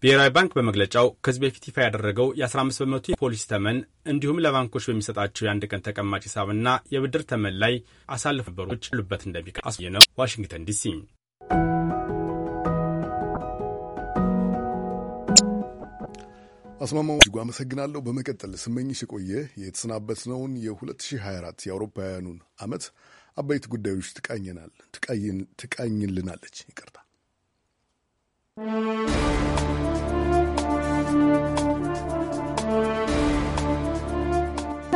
ብሔራዊ ባንክ በመግለጫው ከዚህ በፊት ይፋ ያደረገው የ15 በመቶ የፖሊሲ ተመን እንዲሁም ለባንኮች በሚሰጣቸው የአንድ ቀን ተቀማጭ ሂሳብና የብድር ተመን ላይ አሳልፍ በሮች ያሉበት እንደሚቀር ነው። ዋሽንግተን ዲሲ አስማማው እጅጉ አመሰግናለሁ። በመቀጠል ስመኝሽ የቆየ የተሰናበትነውን የ2024 የአውሮፓውያኑን ዓመት አበይት ጉዳዮች ትቃኘናል ትቃኝልናለች። ይቅርታ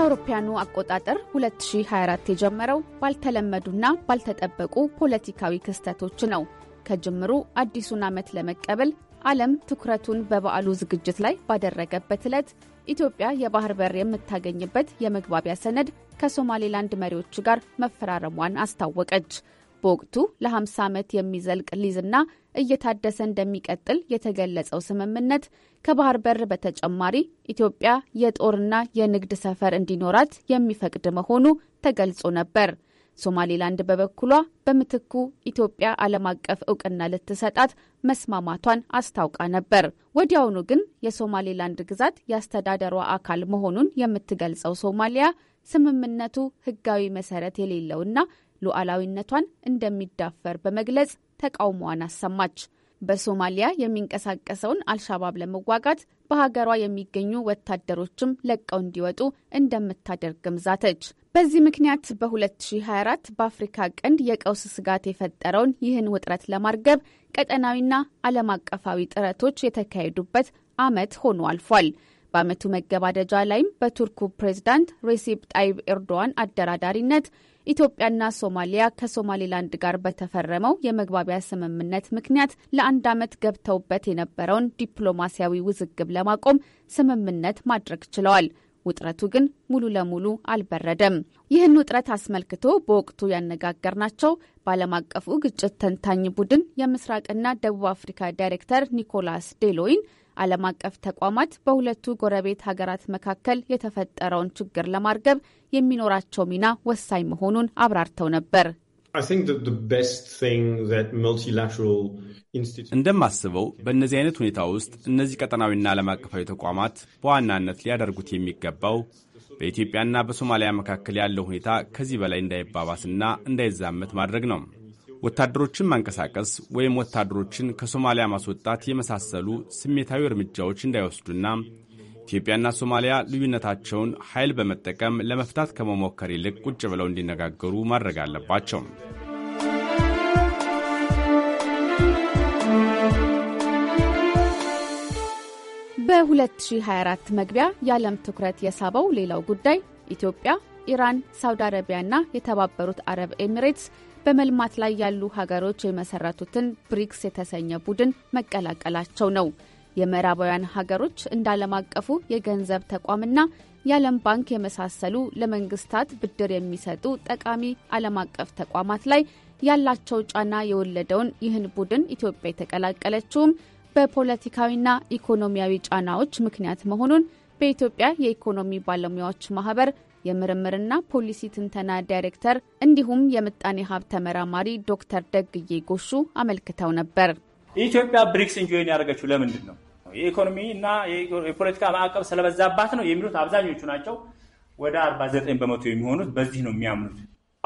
አውሮፓውያኑ አቆጣጠር 2024 የጀመረው ባልተለመዱና ባልተጠበቁ ፖለቲካዊ ክስተቶች ነው። ከጅምሩ አዲሱን ዓመት ለመቀበል ዓለም ትኩረቱን በበዓሉ ዝግጅት ላይ ባደረገበት ዕለት ኢትዮጵያ የባህር በር የምታገኝበት የመግባቢያ ሰነድ ከሶማሌላንድ መሪዎች ጋር መፈራረሟን አስታወቀች። በወቅቱ ለ50 ዓመት የሚዘልቅ ሊዝና እየታደሰ እንደሚቀጥል የተገለጸው ስምምነት ከባህር በር በተጨማሪ ኢትዮጵያ የጦርና የንግድ ሰፈር እንዲኖራት የሚፈቅድ መሆኑ ተገልጾ ነበር። ሶማሌላንድ በበኩሏ በምትኩ ኢትዮጵያ ዓለም አቀፍ እውቅና ልትሰጣት መስማማቷን አስታውቃ ነበር። ወዲያውኑ ግን የሶማሌላንድ ግዛት የአስተዳደሯ አካል መሆኑን የምትገልጸው ሶማሊያ ስምምነቱ ሕጋዊ መሰረት የሌለውና ሉዓላዊነቷን እንደሚዳፈር በመግለጽ ተቃውሞዋን አሰማች። በሶማሊያ የሚንቀሳቀሰውን አልሻባብ ለመዋጋት በሀገሯ የሚገኙ ወታደሮችም ለቀው እንዲወጡ እንደምታደርግም ዛተች። በዚህ ምክንያት በ2024 በአፍሪካ ቀንድ የቀውስ ስጋት የፈጠረውን ይህን ውጥረት ለማርገብ ቀጠናዊና ዓለም አቀፋዊ ጥረቶች የተካሄዱበት ዓመት ሆኖ አልፏል። በዓመቱ መገባደጃ ላይም በቱርኩ ፕሬዝዳንት ሬሴፕ ጣይብ ኤርዶዋን አደራዳሪነት ኢትዮጵያና ሶማሊያ ከሶማሌላንድ ጋር በተፈረመው የመግባቢያ ስምምነት ምክንያት ለአንድ ዓመት ገብተውበት የነበረውን ዲፕሎማሲያዊ ውዝግብ ለማቆም ስምምነት ማድረግ ችለዋል። ውጥረቱ ግን ሙሉ ለሙሉ አልበረደም። ይህን ውጥረት አስመልክቶ በወቅቱ ያነጋገርናቸው በዓለም አቀፉ ግጭት ተንታኝ ቡድን የምስራቅና ደቡብ አፍሪካ ዳይሬክተር ኒኮላስ ዴሎይን ዓለም አቀፍ ተቋማት በሁለቱ ጎረቤት ሀገራት መካከል የተፈጠረውን ችግር ለማርገብ የሚኖራቸው ሚና ወሳኝ መሆኑን አብራርተው ነበር። እንደማስበው በእነዚህ አይነት ሁኔታ ውስጥ እነዚህ ቀጠናዊና ዓለም አቀፋዊ ተቋማት በዋናነት ሊያደርጉት የሚገባው በኢትዮጵያና በሶማሊያ መካከል ያለው ሁኔታ ከዚህ በላይ እንዳይባባስና እንዳይዛመት ማድረግ ነው። ወታደሮችን ማንቀሳቀስ ወይም ወታደሮችን ከሶማሊያ ማስወጣት የመሳሰሉ ስሜታዊ እርምጃዎች እንዳይወስዱና ኢትዮጵያና ሶማሊያ ልዩነታቸውን ኃይል በመጠቀም ለመፍታት ከመሞከር ይልቅ ቁጭ ብለው እንዲነጋገሩ ማድረግ አለባቸው። በ2024 መግቢያ የዓለም ትኩረት የሳበው ሌላው ጉዳይ ኢትዮጵያ፣ ኢራን፣ ሳውዲ አረቢያና የተባበሩት አረብ ኤሚሬትስ በመልማት ላይ ያሉ ሀገሮች የመሰረቱትን ብሪክስ የተሰኘ ቡድን መቀላቀላቸው ነው። የምዕራባውያን ሀገሮች እንደ ዓለም አቀፉ የገንዘብ ተቋምና የዓለም ባንክ የመሳሰሉ ለመንግስታት ብድር የሚሰጡ ጠቃሚ ዓለም አቀፍ ተቋማት ላይ ያላቸው ጫና የወለደውን ይህን ቡድን ኢትዮጵያ የተቀላቀለችውም በፖለቲካዊና ኢኮኖሚያዊ ጫናዎች ምክንያት መሆኑን በኢትዮጵያ የኢኮኖሚ ባለሙያዎች ማህበር የምርምርና ፖሊሲ ትንተና ዳይሬክተር እንዲሁም የምጣኔ ሀብት ተመራማሪ ዶክተር ደግዬ ጎሹ አመልክተው ነበር። ኢትዮጵያ ብሪክስ እንጆይን ያደረገችው ለምንድን ነው? የኢኮኖሚ እና የፖለቲካ ማዕቀብ ስለበዛባት ነው የሚሉት አብዛኞቹ ናቸው። ወደ 49 በመቶ የሚሆኑት በዚህ ነው የሚያምኑት።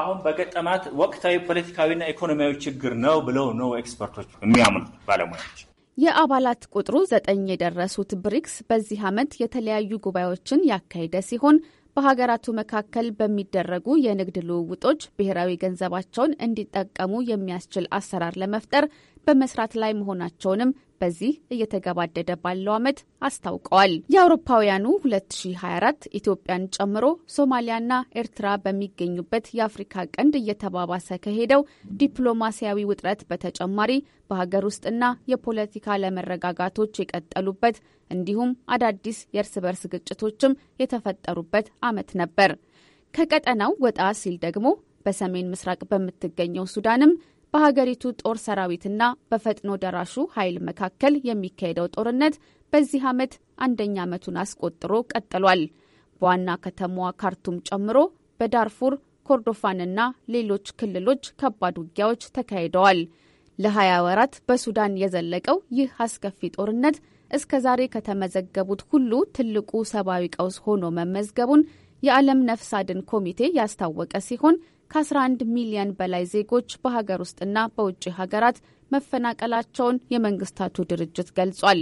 አሁን በገጠማት ወቅታዊ ፖለቲካዊና ኢኮኖሚያዊ ችግር ነው ብለው ነው ኤክስፐርቶች የሚያምኑት ባለሙያዎች። የአባላት ቁጥሩ ዘጠኝ የደረሱት ብሪክስ በዚህ ዓመት የተለያዩ ጉባኤዎችን ያካሄደ ሲሆን በሀገራቱ መካከል በሚደረጉ የንግድ ልውውጦች ብሔራዊ ገንዘባቸውን እንዲጠቀሙ የሚያስችል አሰራር ለመፍጠር በመስራት ላይ መሆናቸውንም በዚህ እየተገባደደ ባለው ዓመት አስታውቀዋል። የአውሮፓውያኑ 2024 ኢትዮጵያን ጨምሮ ሶማሊያና ኤርትራ በሚገኙበት የአፍሪካ ቀንድ እየተባባሰ ከሄደው ዲፕሎማሲያዊ ውጥረት በተጨማሪ በሀገር ውስጥና የፖለቲካ ለመረጋጋቶች የቀጠሉበት እንዲሁም አዳዲስ የእርስ በርስ ግጭቶችም የተፈጠሩበት ዓመት ነበር። ከቀጠናው ወጣ ሲል ደግሞ በሰሜን ምስራቅ በምትገኘው ሱዳንም በሀገሪቱ ጦር ሰራዊትና በፈጥኖ ደራሹ ኃይል መካከል የሚካሄደው ጦርነት በዚህ ዓመት አንደኛ ዓመቱን አስቆጥሮ ቀጥሏል። በዋና ከተማዋ ካርቱም ጨምሮ በዳርፉር ኮርዶፋንና ሌሎች ክልሎች ከባድ ውጊያዎች ተካሂደዋል። ለ20 ወራት በሱዳን የዘለቀው ይህ አስከፊ ጦርነት እስከ ዛሬ ከተመዘገቡት ሁሉ ትልቁ ሰብአዊ ቀውስ ሆኖ መመዝገቡን የዓለም ነፍስ አድን ኮሚቴ ያስታወቀ ሲሆን ከ11 ሚሊዮን በላይ ዜጎች በሀገር ውስጥና በውጭ ሀገራት መፈናቀላቸውን የመንግስታቱ ድርጅት ገልጿል።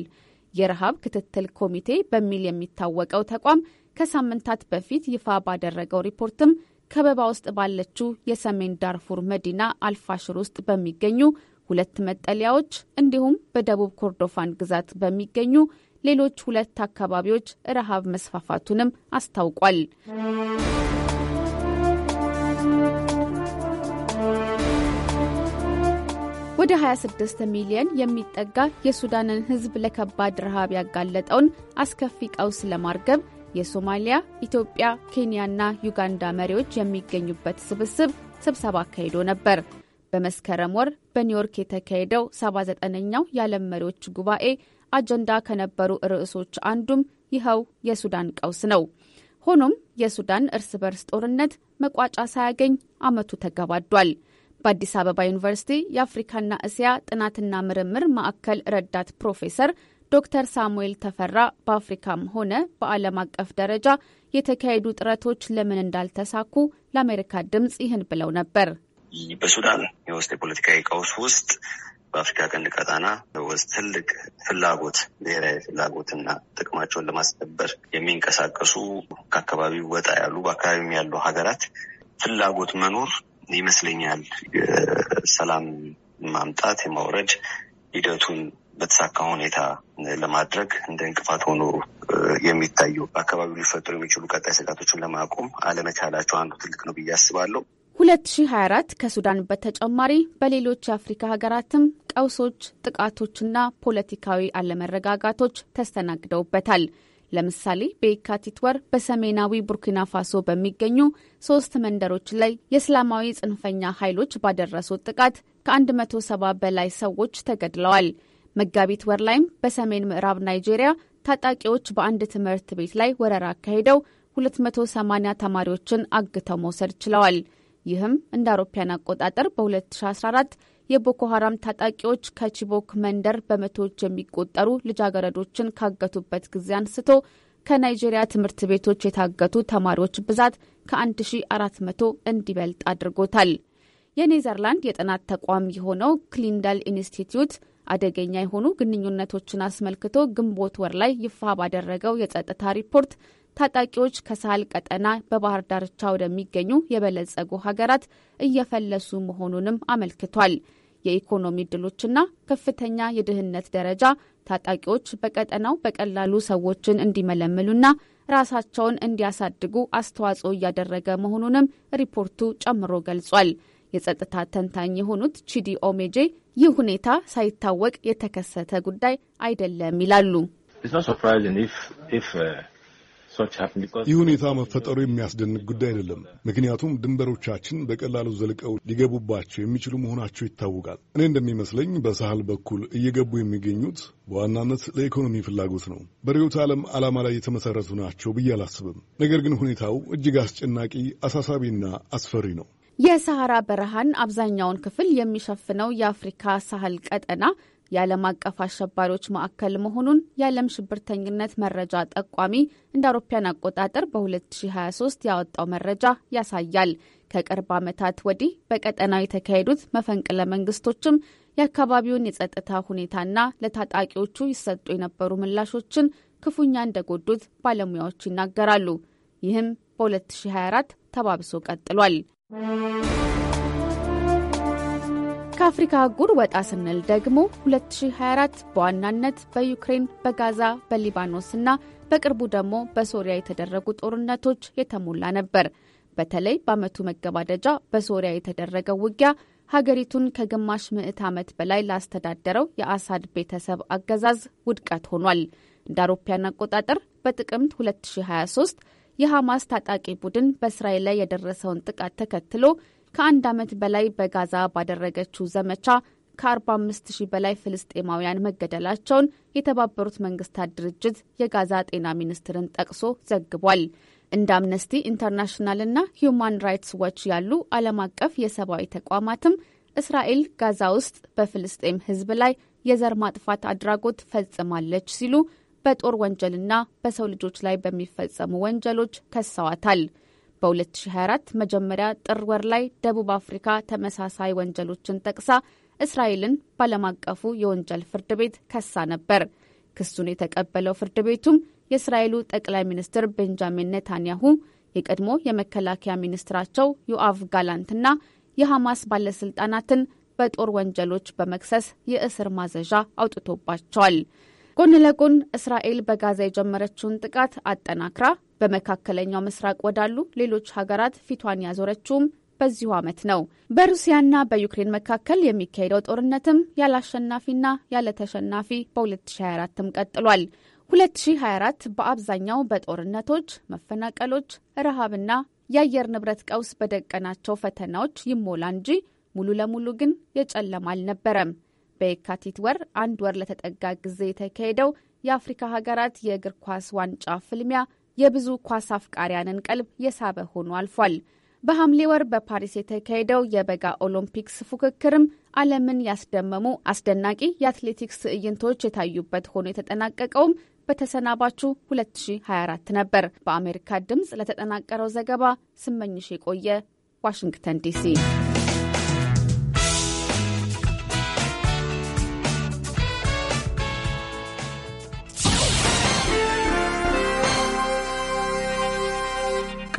የረሃብ ክትትል ኮሚቴ በሚል የሚታወቀው ተቋም ከሳምንታት በፊት ይፋ ባደረገው ሪፖርትም ከበባ ውስጥ ባለችው የሰሜን ዳርፉር መዲና አልፋሽር ውስጥ በሚገኙ ሁለት መጠለያዎች እንዲሁም በደቡብ ኮርዶፋን ግዛት በሚገኙ ሌሎች ሁለት አካባቢዎች ረሃብ መስፋፋቱንም አስታውቋል። ወደ 26 ሚሊዮን የሚጠጋ የሱዳንን ሕዝብ ለከባድ ረሃብ ያጋለጠውን አስከፊ ቀውስ ለማርገብ የሶማሊያ፣ ኢትዮጵያ፣ ኬንያና ዩጋንዳ መሪዎች የሚገኙበት ስብስብ ስብሰባ አካሂዶ ነበር። በመስከረም ወር በኒውዮርክ የተካሄደው 79ኛው የዓለም መሪዎች ጉባኤ አጀንዳ ከነበሩ ርዕሶች አንዱም ይኸው የሱዳን ቀውስ ነው። ሆኖም የሱዳን እርስ በርስ ጦርነት መቋጫ ሳያገኝ ዓመቱ ተገባዷል። በአዲስ አበባ ዩኒቨርሲቲ የአፍሪካና እስያ ጥናትና ምርምር ማዕከል ረዳት ፕሮፌሰር ዶክተር ሳሙኤል ተፈራ በአፍሪካም ሆነ በዓለም አቀፍ ደረጃ የተካሄዱ ጥረቶች ለምን እንዳልተሳኩ ለአሜሪካ ድምፅ ይህን ብለው ነበር። በሱዳን የውስጥ የፖለቲካዊ ቀውስ ውስጥ በአፍሪካ ቀንድ ቀጣና ውስጥ ትልቅ ፍላጎት ብሔራዊ ፍላጎትና ጥቅማቸውን ለማስከበር የሚንቀሳቀሱ ከአካባቢው ወጣ ያሉ በአካባቢም ያሉ ሀገራት ፍላጎት መኖር ይመስለኛል ሰላም ማምጣት የማውረድ ሂደቱን በተሳካ ሁኔታ ለማድረግ እንደ እንቅፋት ሆኖ የሚታዩ በአካባቢው ሊፈጠሩ የሚችሉ ቀጣይ ስጋቶችን ለማቆም አለመቻላቸው አንዱ ትልቅ ነው ብዬ አስባለሁ። 2024 ከሱዳን በተጨማሪ በሌሎች የአፍሪካ ሀገራትም ቀውሶች፣ ጥቃቶችና ፖለቲካዊ አለመረጋጋቶች ተስተናግደውበታል። ለምሳሌ በየካቲት ወር በሰሜናዊ ቡርኪና ፋሶ በሚገኙ ሶስት መንደሮች ላይ የእስላማዊ ጽንፈኛ ኃይሎች ባደረሱት ጥቃት ከ170 በላይ ሰዎች ተገድለዋል። መጋቢት ወር ላይም በሰሜን ምዕራብ ናይጄሪያ ታጣቂዎች በአንድ ትምህርት ቤት ላይ ወረራ አካሂደው 280 ተማሪዎችን አግተው መውሰድ ችለዋል። ይህም እንደ አውሮፓያን አቆጣጠር በ2014 የቦኮ ሀራም ታጣቂዎች ከቺቦክ መንደር በመቶዎች የሚቆጠሩ ልጃገረዶችን ካገቱበት ጊዜ አንስቶ ከናይጄሪያ ትምህርት ቤቶች የታገቱ ተማሪዎች ብዛት ከ1400 እንዲበልጥ አድርጎታል። የኔዘርላንድ የጥናት ተቋም የሆነው ክሊንዳል ኢንስቲትዩት አደገኛ የሆኑ ግንኙነቶችን አስመልክቶ ግንቦት ወር ላይ ይፋ ባደረገው የጸጥታ ሪፖርት ታጣቂዎች ከሳህል ቀጠና በባህር ዳርቻ ወደሚገኙ የበለጸጉ ሀገራት እየፈለሱ መሆኑንም አመልክቷል። የኢኮኖሚ እድሎችና ከፍተኛ የድህነት ደረጃ ታጣቂዎች በቀጠናው በቀላሉ ሰዎችን እንዲመለምሉና ራሳቸውን እንዲያሳድጉ አስተዋጽኦ እያደረገ መሆኑንም ሪፖርቱ ጨምሮ ገልጿል። የጸጥታ ተንታኝ የሆኑት ቺዲ ኦሜጄ ይህ ሁኔታ ሳይታወቅ የተከሰተ ጉዳይ አይደለም ይላሉ። ይህ ሁኔታ መፈጠሩ የሚያስደንቅ ጉዳይ አይደለም፣ ምክንያቱም ድንበሮቻችን በቀላሉ ዘልቀው ሊገቡባቸው የሚችሉ መሆናቸው ይታወቃል። እኔ እንደሚመስለኝ በሳህል በኩል እየገቡ የሚገኙት በዋናነት ለኢኮኖሚ ፍላጎት ነው። በርዕዮተ ዓለም ዓላማ ላይ የተመሠረቱ ናቸው ብዬ አላስብም። ነገር ግን ሁኔታው እጅግ አስጨናቂ፣ አሳሳቢና አስፈሪ ነው። የሰሐራ በረሃን አብዛኛውን ክፍል የሚሸፍነው የአፍሪካ ሳህል ቀጠና የዓለም አቀፍ አሸባሪዎች ማዕከል መሆኑን የዓለም ሽብርተኝነት መረጃ ጠቋሚ እንደ አውሮፓያን አቆጣጠር በ2023 ያወጣው መረጃ ያሳያል። ከቅርብ ዓመታት ወዲህ በቀጠናው የተካሄዱት መፈንቅለ መንግስቶችም የአካባቢውን የጸጥታ ሁኔታና ለታጣቂዎቹ ይሰጡ የነበሩ ምላሾችን ክፉኛ እንደጎዱት ባለሙያዎች ይናገራሉ። ይህም በ2024 ተባብሶ ቀጥሏል። ከአፍሪካ አህጉር ወጣ ስንል ደግሞ 2024 በዋናነት በዩክሬን፣ በጋዛ፣ በሊባኖስ እና በቅርቡ ደግሞ በሶሪያ የተደረጉ ጦርነቶች የተሞላ ነበር። በተለይ በዓመቱ መገባደጃ በሶሪያ የተደረገው ውጊያ ሀገሪቱን ከግማሽ ምዕት ዓመት በላይ ላስተዳደረው የአሳድ ቤተሰብ አገዛዝ ውድቀት ሆኗል። እንደ አውሮፓውያን አቆጣጠር በጥቅምት 2023 የሐማስ ታጣቂ ቡድን በእስራኤል ላይ የደረሰውን ጥቃት ተከትሎ ከአንድ ዓመት በላይ በጋዛ ባደረገችው ዘመቻ ከ45 ሺህ በላይ ፍልስጤማውያን መገደላቸውን የተባበሩት መንግስታት ድርጅት የጋዛ ጤና ሚኒስትርን ጠቅሶ ዘግቧል። እንደ አምነስቲ ኢንተርናሽናልና ሂዩማን ራይትስ ዋች ያሉ ዓለም አቀፍ የሰብአዊ ተቋማትም እስራኤል ጋዛ ውስጥ በፍልስጤም ሕዝብ ላይ የዘር ማጥፋት አድራጎት ፈጽማለች ሲሉ በጦር ወንጀልና በሰው ልጆች ላይ በሚፈጸሙ ወንጀሎች ከሰዋታል። በ2024 መጀመሪያ ጥር ወር ላይ ደቡብ አፍሪካ ተመሳሳይ ወንጀሎችን ጠቅሳ እስራኤልን ባለም አቀፉ የወንጀል ፍርድ ቤት ከሳ ነበር። ክሱን የተቀበለው ፍርድ ቤቱም የእስራኤሉ ጠቅላይ ሚኒስትር ቤንጃሚን ኔታንያሁ የቀድሞ የመከላከያ ሚኒስትራቸው ዮአቭ ጋላንትና የሐማስ ባለስልጣናትን በጦር ወንጀሎች በመክሰስ የእስር ማዘዣ አውጥቶባቸዋል። ጎን ለጎን እስራኤል በጋዛ የጀመረችውን ጥቃት አጠናክራ በመካከለኛው ምስራቅ ወዳሉ ሌሎች ሀገራት ፊቷን ያዞረችውም በዚሁ ዓመት ነው። በሩሲያና በዩክሬን መካከል የሚካሄደው ጦርነትም ያለ አሸናፊና ያለ ተሸናፊ በ2024ም ቀጥሏል። 2024 በአብዛኛው በጦርነቶች፣ መፈናቀሎች፣ ረሃብና የአየር ንብረት ቀውስ በደቀናቸው ፈተናዎች ይሞላ እንጂ ሙሉ ለሙሉ ግን የጨለማ አልነበረም። በየካቲት ወር አንድ ወር ለተጠጋ ጊዜ የተካሄደው የአፍሪካ ሀገራት የእግር ኳስ ዋንጫ ፍልሚያ የብዙ ኳስ አፍቃሪያንን ቀልብ የሳበ ሆኖ አልፏል። በሐምሌ ወር በፓሪስ የተካሄደው የበጋ ኦሎምፒክስ ፉክክርም ዓለምን ያስደመሙ አስደናቂ የአትሌቲክስ ትዕይንቶች የታዩበት ሆኖ የተጠናቀቀውም በተሰናባቹ 2024 ነበር። በአሜሪካ ድምፅ ለተጠናቀረው ዘገባ ስመኝሽ የቆየ ዋሽንግተን ዲሲ።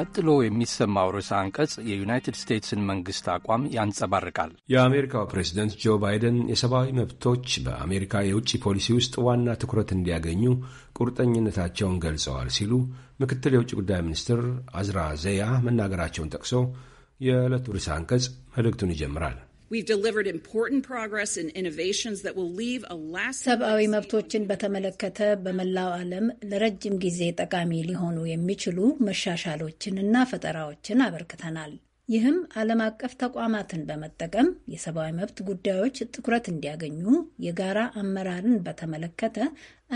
ቀጥሎ የሚሰማው ርዕሰ አንቀጽ የዩናይትድ ስቴትስን መንግስት አቋም ያንጸባርቃል። የአሜሪካው ፕሬዝደንት ጆ ባይደን የሰብአዊ መብቶች በአሜሪካ የውጭ ፖሊሲ ውስጥ ዋና ትኩረት እንዲያገኙ ቁርጠኝነታቸውን ገልጸዋል ሲሉ ምክትል የውጭ ጉዳይ ሚኒስትር አዝራ ዘያ መናገራቸውን ጠቅሶ የዕለቱ ርዕሰ አንቀጽ መልእክቱን ይጀምራል። We've delivered important progress and innovations that will leave a lasting ሰብአዊ መብቶችን በተመለከተ በመላው ዓለም ለረጅም ጊዜ ጠቃሚ ሊሆኑ የሚችሉ መሻሻሎችንና ፈጠራዎችን አበርክተናል። ይህም ዓለም አቀፍ ተቋማትን በመጠቀም የሰብአዊ መብት ጉዳዮች ትኩረት እንዲያገኙ የጋራ አመራርን በተመለከተ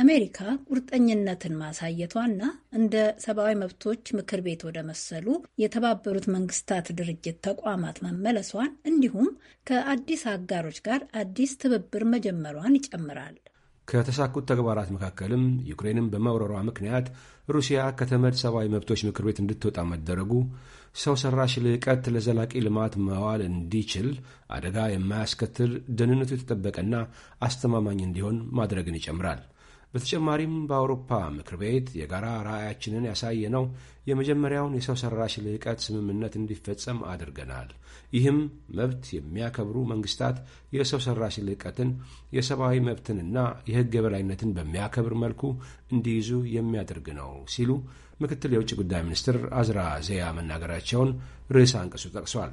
አሜሪካ ቁርጠኝነትን ማሳየቷና እንደ ሰብአዊ መብቶች ምክር ቤት ወደ መሰሉ የተባበሩት መንግስታት ድርጅት ተቋማት መመለሷን እንዲሁም ከአዲስ አጋሮች ጋር አዲስ ትብብር መጀመሯን ይጨምራል። ከተሳኩት ተግባራት መካከልም ዩክሬንን በመውረሯ ምክንያት ሩሲያ ከተመድ ሰብአዊ መብቶች ምክር ቤት እንድትወጣ መደረጉ ሰው ሰራሽ ልዕቀት ለዘላቂ ልማት መዋል እንዲችል አደጋ የማያስከትል ደህንነቱ የተጠበቀና አስተማማኝ እንዲሆን ማድረግን ይጨምራል። በተጨማሪም በአውሮፓ ምክር ቤት የጋራ ራዕያችንን ነው። የመጀመሪያውን የሰው ሰራሽ ልዕቀት ስምምነት እንዲፈጸም አድርገናል። ይህም መብት የሚያከብሩ መንግስታት የሰው ሰራሽ ልዕቀትን የሰብአዊ መብትንና የሕግ የበላይነትን በሚያከብር መልኩ እንዲይዙ የሚያደርግ ነው ሲሉ ምክትል የውጭ ጉዳይ ሚኒስትር አዝራ ዜያ መናገራቸውን ርዕስ አንቀሱ ጠቅሷል።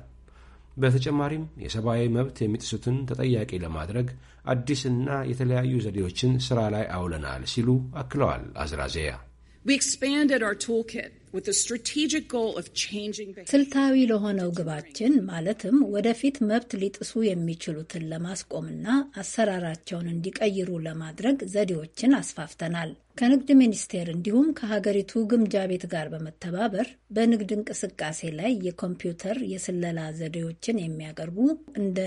በተጨማሪም የሰብአዊ መብት የሚጥሱትን ተጠያቂ ለማድረግ አዲስና የተለያዩ ዘዴዎችን ስራ ላይ አውለናል ሲሉ አክለዋል አዝራዜያ። ስልታዊ ለሆነው ግባችን ማለትም ወደፊት መብት ሊጥሱ የሚችሉትን ለማስቆምና አሰራራቸውን እንዲቀይሩ ለማድረግ ዘዴዎችን አስፋፍተናል። ከንግድ ሚኒስቴር እንዲሁም ከሀገሪቱ ግምጃ ቤት ጋር በመተባበር በንግድ እንቅስቃሴ ላይ የኮምፒውተር የስለላ ዘዴዎችን የሚያቀርቡ እንደ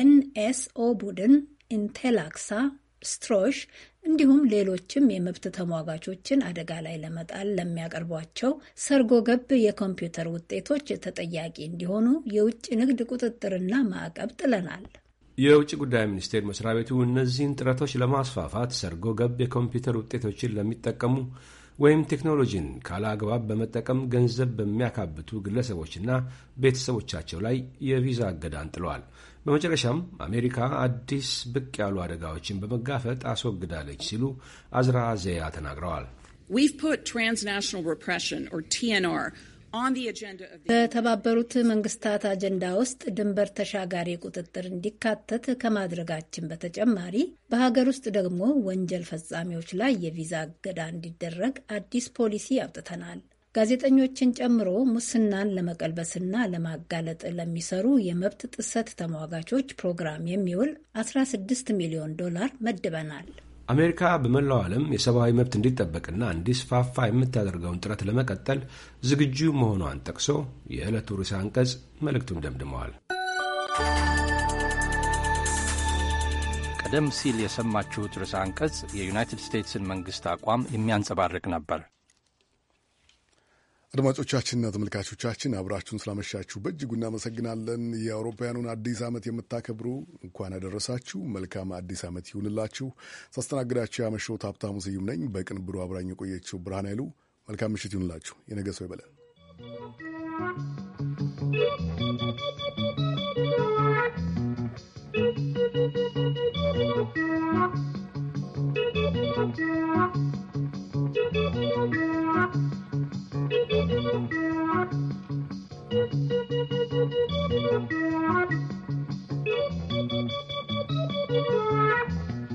ኤንኤስኦ ቡድን፣ ኢንቴላክሳ፣ ስትሮሽ እንዲሁም ሌሎችም የመብት ተሟጋቾችን አደጋ ላይ ለመጣል ለሚያቀርቧቸው ሰርጎ ገብ የኮምፒውተር ውጤቶች ተጠያቂ እንዲሆኑ የውጭ ንግድ ቁጥጥርና ማዕቀብ ጥለናል። የውጭ ጉዳይ ሚኒስቴር መስሪያ ቤቱ እነዚህን ጥረቶች ለማስፋፋት ሰርጎ ገብ የኮምፒውተር ውጤቶችን ለሚጠቀሙ ወይም ቴክኖሎጂን ካለ አግባብ በመጠቀም ገንዘብ በሚያካብቱ ግለሰቦችና ቤተሰቦቻቸው ላይ የቪዛ እገዳን ጥለዋል። በመጨረሻም አሜሪካ አዲስ ብቅ ያሉ አደጋዎችን በመጋፈጥ አስወግዳለች ሲሉ አዝራ ዘያ ተናግረዋል። We've put transnational repression, or TNR, በተባበሩት መንግስታት አጀንዳ ውስጥ ድንበር ተሻጋሪ ቁጥጥር እንዲካተት ከማድረጋችን በተጨማሪ በሀገር ውስጥ ደግሞ ወንጀል ፈጻሚዎች ላይ የቪዛ እገዳ እንዲደረግ አዲስ ፖሊሲ አውጥተናል። ጋዜጠኞችን ጨምሮ ሙስናን ለመቀልበስና ለማጋለጥ ለሚሰሩ የመብት ጥሰት ተሟጋቾች ፕሮግራም የሚውል 16 ሚሊዮን ዶላር መድበናል። አሜሪካ በመላው ዓለም የሰብአዊ መብት እንዲጠበቅና እንዲስፋፋ የምታደርገውን ጥረት ለመቀጠል ዝግጁ መሆኗን ጠቅሶ የዕለቱ ርዕሰ አንቀጽ መልእክቱን ደምድመዋል። ቀደም ሲል የሰማችሁት ርዕሰ አንቀጽ የዩናይትድ ስቴትስን መንግሥት አቋም የሚያንጸባርቅ ነበር። አድማጮቻችንና ተመልካቾቻችን አብራችሁን ስላመሻችሁ በእጅጉ እናመሰግናለን። የአውሮፓውያኑን አዲስ ዓመት የምታከብሩ እንኳን ያደረሳችሁ። መልካም አዲስ ዓመት ይሁንላችሁ። ሳስተናግዳችሁ ያመሸሁት ሀብታሙ ስዩም ነኝ። በቅንብሩ አብራኝ የቆየችው ብርሃን ኃይሉ። መልካም ምሽት ይሁንላችሁ። የነገ ሰው ይበለን።